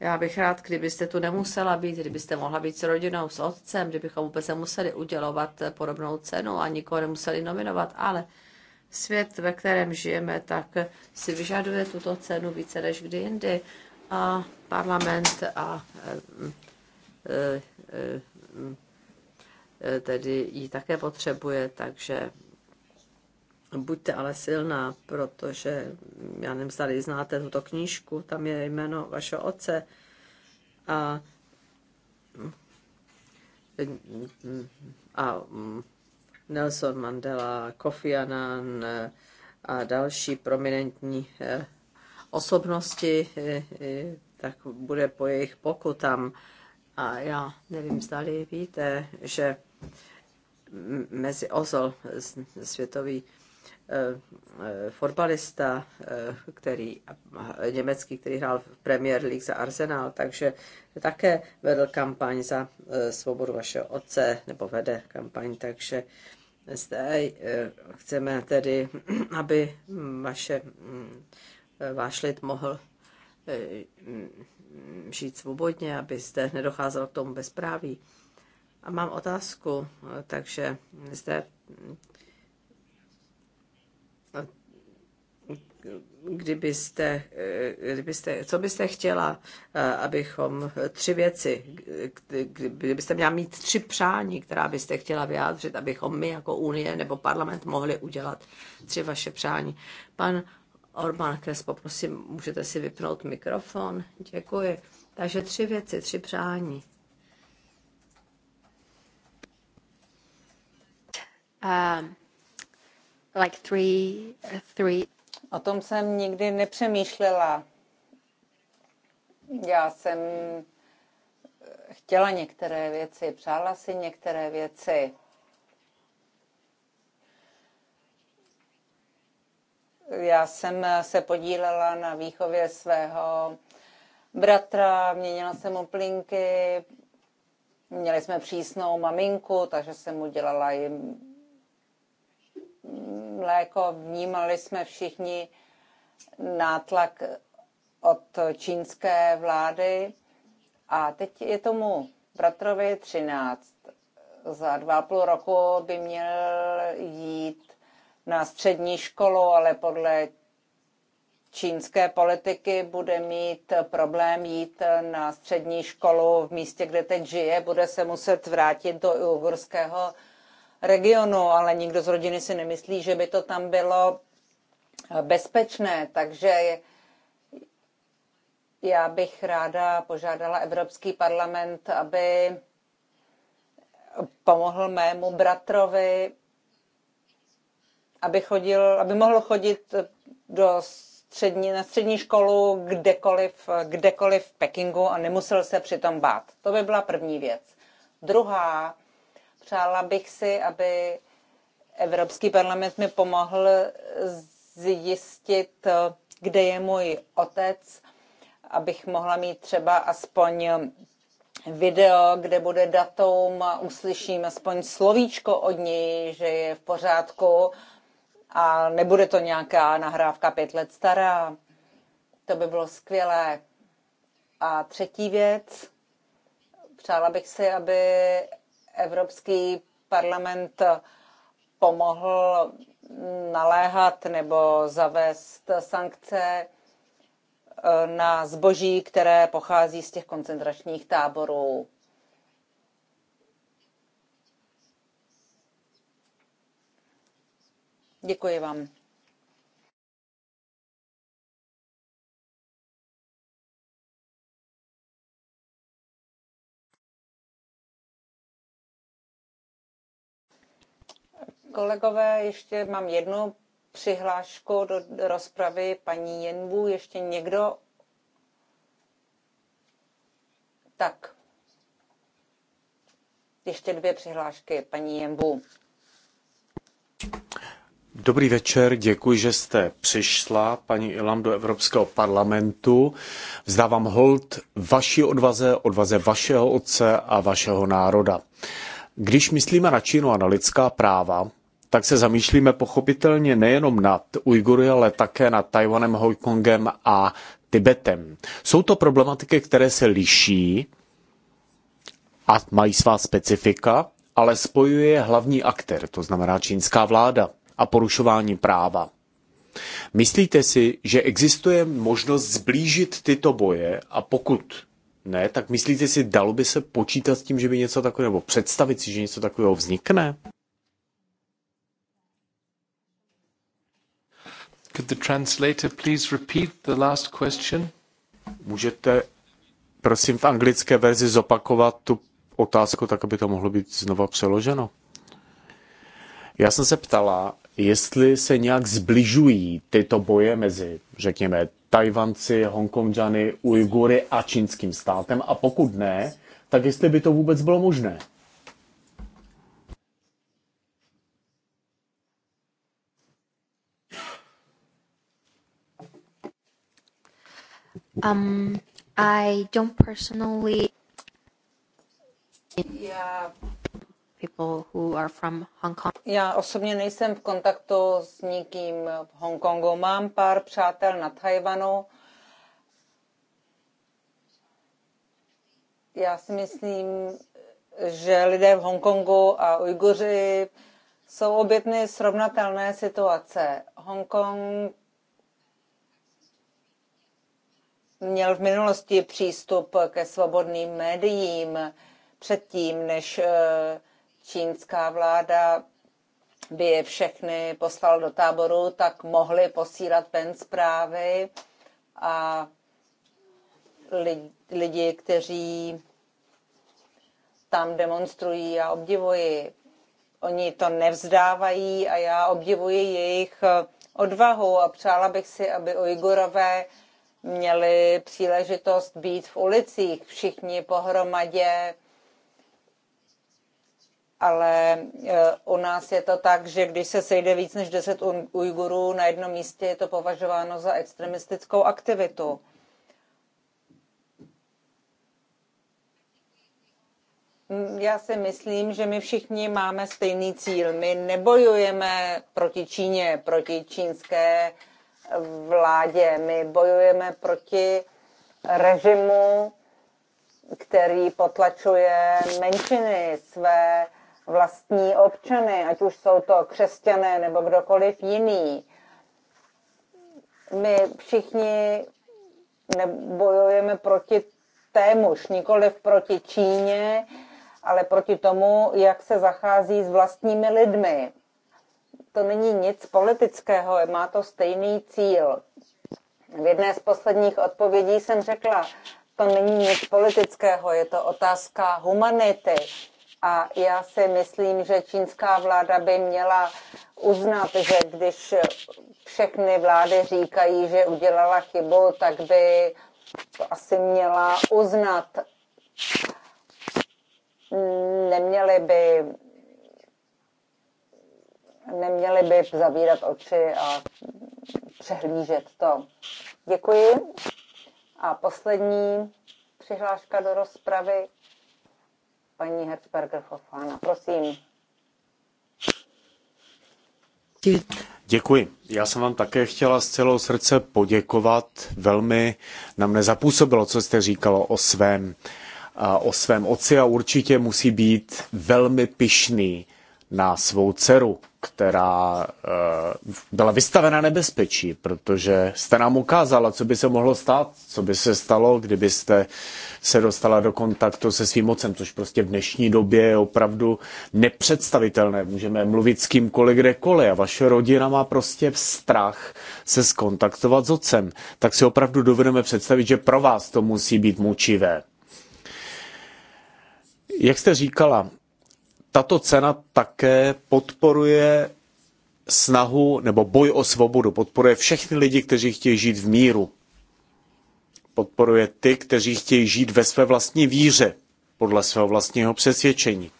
Já bych rád, kdybyste tu nemusela být, kdybyste mohla být s rodinou, s otcem, kdybychom vůbec nemuseli udělovat podobnou cenu a nikoho nemuseli nominovat, ale svět, ve kterém žijeme, tak si vyžaduje tuto cenu více než kdy jindy. A parlament a Eh, eh, tedy ji také potřebuje, takže buďte ale silná, protože, já nevím, zda znáte tuto knížku, tam je jméno vašeho otce a a Nelson Mandela, Kofi Annan eh, a další prominentní osobnosti, tak bude po jejich pokutám tam a já nevím, zdali víte, že mezi Ozol, světový eh, eh, fotbalista, eh, který, německý, který hrál v Premier League za Arsenal, takže také vedl kampaň za svobodu vašeho otce, nebo vede kampaň, takže zde chceme tedy, aby vaše, mm, váš lid mohl žít svobodně, abyste nedocházelo k tomu bezpráví. A mám otázku, takže zde kdybyste, kdybyste, co byste chtěla, abychom tři věci, kdybyste měla mít tři přání, která byste chtěla vyjádřit, abychom my jako Unie nebo parlament mohli udělat tři vaše přání. Pan Orbán Kres, poprosím, můžete si vypnout mikrofon. Děkuji. Takže tři věci, tři přání. Um, like three, three. O tom jsem nikdy nepřemýšlela. Já jsem eh, chtěla některé věci, přála si některé věci. Já jsem se podílela na výchově svého bratra, měnila jsem mu plinky, měli jsme přísnou maminku, takže jsem mu dělala i mléko. Vnímali jsme všichni nátlak od čínské vlády. A teď je tomu bratrovi 13. Za dva půl roku by měl jít na střední školu, ale podle čínské politiky bude mít problém jít na střední školu v místě, kde teď žije, bude se muset vrátit do ujgurského regionu, ale nikdo z rodiny si nemyslí, že by to tam bylo bezpečné, takže já bych ráda požádala Evropský parlament, aby pomohl mému bratrovi aby, chodil, aby mohl chodit do střední, na střední školu kdekoliv, kdekoliv v Pekingu a nemusel se přitom bát. To by byla první věc. Druhá, přála bych si, aby Evropský parlament mi pomohl zjistit, kde je můj otec, abych mohla mít třeba aspoň video, kde bude datum a uslyším aspoň slovíčko od něj, že je v pořádku, a nebude to nějaká nahrávka pět let stará. To by bylo skvělé. A třetí věc, přála bych si, aby Evropský parlament pomohl naléhat nebo zavést sankce eh, na zboží, které pochází z těch koncentračních táborů. Děkuji vám. Kolegové, ještě mám jednu přihlášku do rozpravy paní Jenbu. Ještě někdo? Tak. Ještě dvě přihlášky paní Jenbu. Dobrý večer, děkuji, že jste přišla, paní Ilam, do Evropského parlamentu. Vzdávám hold vaší odvaze, odvaze vašeho otce a vašeho národa. Když myslíme na Čínu a na lidská práva, tak se zamýšlíme pochopitelně nejenom nad Ujgury, ale také nad Tajvanem, Hongkongem a Tibetem. Jsou to problematiky, které se liší a mají svá specifika, ale spojuje hlavní aktér, to znamená čínská vláda a porušování práva. Myslíte si, že existuje možnost zblížit tyto boje a pokud ne, tak myslíte si, dalo by se počítat s tím, že by něco takového, nebo představit si, že něco takového vznikne? Could the translator please repeat the last question? Můžete, prosím, v anglické verzi zopakovat tu otázku, tak aby to mohlo být znova přeloženo? Já jsem se ptala, jestli se nějak zbližují tyto boje mezi, řekněme, Tajvanci, Hongkongžany, Ujgury a čínským státem a pokud ne, tak jestli by to vůbec bylo možné. Um, I don't personally. Yeah people who are from Hong Kong. Já osobně nejsem v kontaktu s nikým v Hongkongu. Mám pár přátel na Tajvanu. Já si myslím, že lidé v Hongkongu a Ujguři jsou obětny srovnatelné situace. Hongkong měl v minulosti přístup ke svobodným médiím předtím, než eh, čínská vláda by je všechny poslal do táboru, tak mohli posílat ven zprávy a lidi, kteří tam demonstrují a obdivuji. Oni to nevzdávají a já obdivuji jejich eh, odvahu a přála bych si, aby Ujgurové měli příležitost být v ulicích všichni pohromadě ale e, u nás je to tak, že když se sejde víc než 10 Ujgurů na jednom místě, je to považováno za extremistickou aktivitu. Mm, já si myslím, že my všichni máme stejný cíl. My nebojujeme proti Číně, proti čínské e, vládě. My bojujeme proti režimu, který potlačuje menšiny své vlastní občany, ať už jsou to křesťané nebo kdokoliv jiný. My všichni bojujeme proti témuž, nikoliv proti Číně, ale proti tomu, jak se zachází s vlastními lidmi. To není nic politického, má to stejný cíl. V jedné z posledních odpovědí jsem řekla, to není nic politického, je to otázka humanity a já si myslím, že čínská vláda by měla uznat, že když všechny vlády říkají, že udělala chybu, tak by to asi měla uznat. Neměli by neměli by zavírat oči a přehlížet to. Děkuji. A poslední přihláška do rozpravy paní Herzberger-Hofana. Prosím. Děkuji. Já jsem vám také chtěla z celého srdce poděkovat. Velmi na mne zapůsobilo, co jste říkalo o svém, o svém otci a určitě musí být velmi pyšný na svou dceru, která eh, byla vystavena nebezpečí, protože jste nám ukázala, co by se mohlo stát, co by se stalo, kdybyste se dostala do kontaktu se svým mocem, což prostě v dnešní době je opravdu nepředstavitelné. Můžeme mluvit s kýmkoliv kdekoliv a vaše rodina má prostě strach se skontaktovat s otcem. Tak si opravdu dovedeme představit, že pro vás to musí být mučivé. Jak jste říkala, tato cena také podporuje snahu nebo boj o svobodu, podporuje všechny lidi, kteří chtějí žít v míru. Podporuje ty, kteří chtějí žít ve své vlastní víře, podle svého vlastního přesvědčení.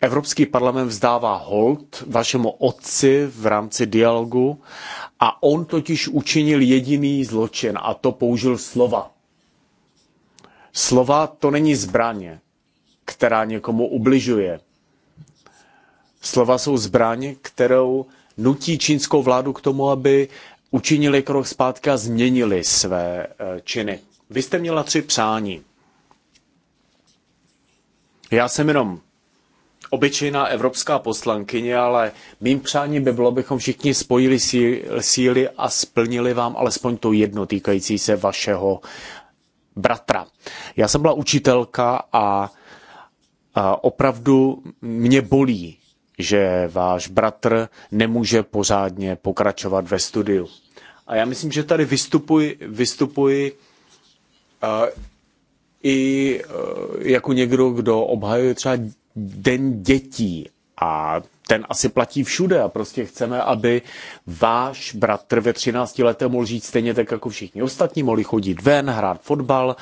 Evropský parlament vzdává hold vašemu otci v rámci dialogu a on totiž učinil jediný zločin a to použil slova. Slova to není zbraně která někomu ubližuje. Slova jsou zbraň, kterou nutí čínskou vládu k tomu, aby učinili krok zpátky a změnili své eh, činy. Vy jste měla tři přání. Já jsem jenom obyčejná evropská poslankyně, ale mým přáním by bylo, abychom všichni spojili síly a splnili vám alespoň to jedno týkající se vašeho bratra. Já jsem byla učitelka a a opravdu mě bolí, že váš bratr nemůže pořádně pokračovat ve studiu. A já myslím, že tady vystupuji, vystupuji uh, i uh, jako někdo, kdo obhajuje třeba Den dětí a ten asi platí všude a prostě chceme, aby váš bratr ve 13 letech mohl žít stejně tak jako všichni ostatní, mohli chodit ven, hrát fotbal,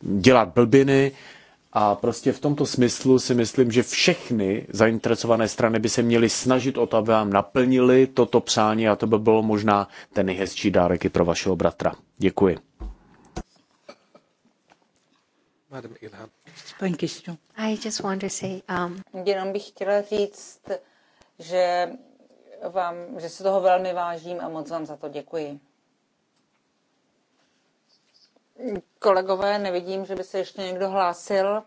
dělat blbiny, uh, a prostě v tomto smyslu si myslím, že všechny zainteresované strany by se měly snažit o to, aby vám naplnili toto přání a to by bylo možná ten nejhezčí dárek i pro vašeho bratra. Děkuji. I just want to say, um... Jenom bych chtěla říct, že, vám, že se toho velmi vážím a moc vám za to děkuji. Kolegové, nevidím, že by se ještě někdo hlásil.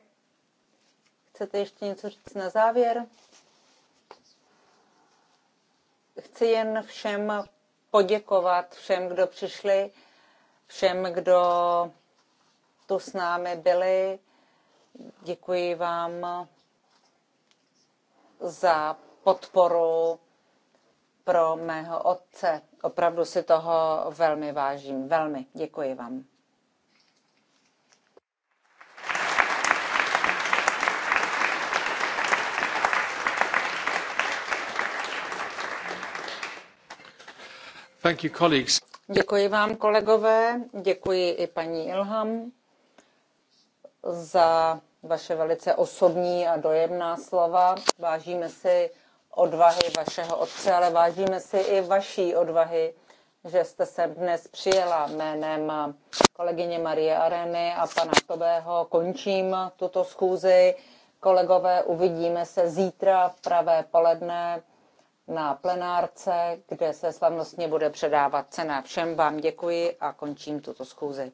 Chcete ještě něco říct na závěr? Chci jen všem poděkovat, všem, kdo přišli, všem, kdo tu s námi byli. Děkuji vám za podporu pro mého otce. Opravdu si toho velmi vážím. Velmi děkuji vám. Děkuji vám, kolegové, děkuji i paní Ilham za vaše velice osobní a dojemná slova. Vážíme si odvahy vašeho otce, ale vážíme si i vaší odvahy, že jste sem dnes přijela jménem kolegyně Marie Areny a pana Tobého. Končím tuto schůzi. Kolegové, uvidíme se zítra v pravé poledne na plenárce, kde se slavnostně bude předávat cena. Všem vám děkuji a končím tuto schůzi.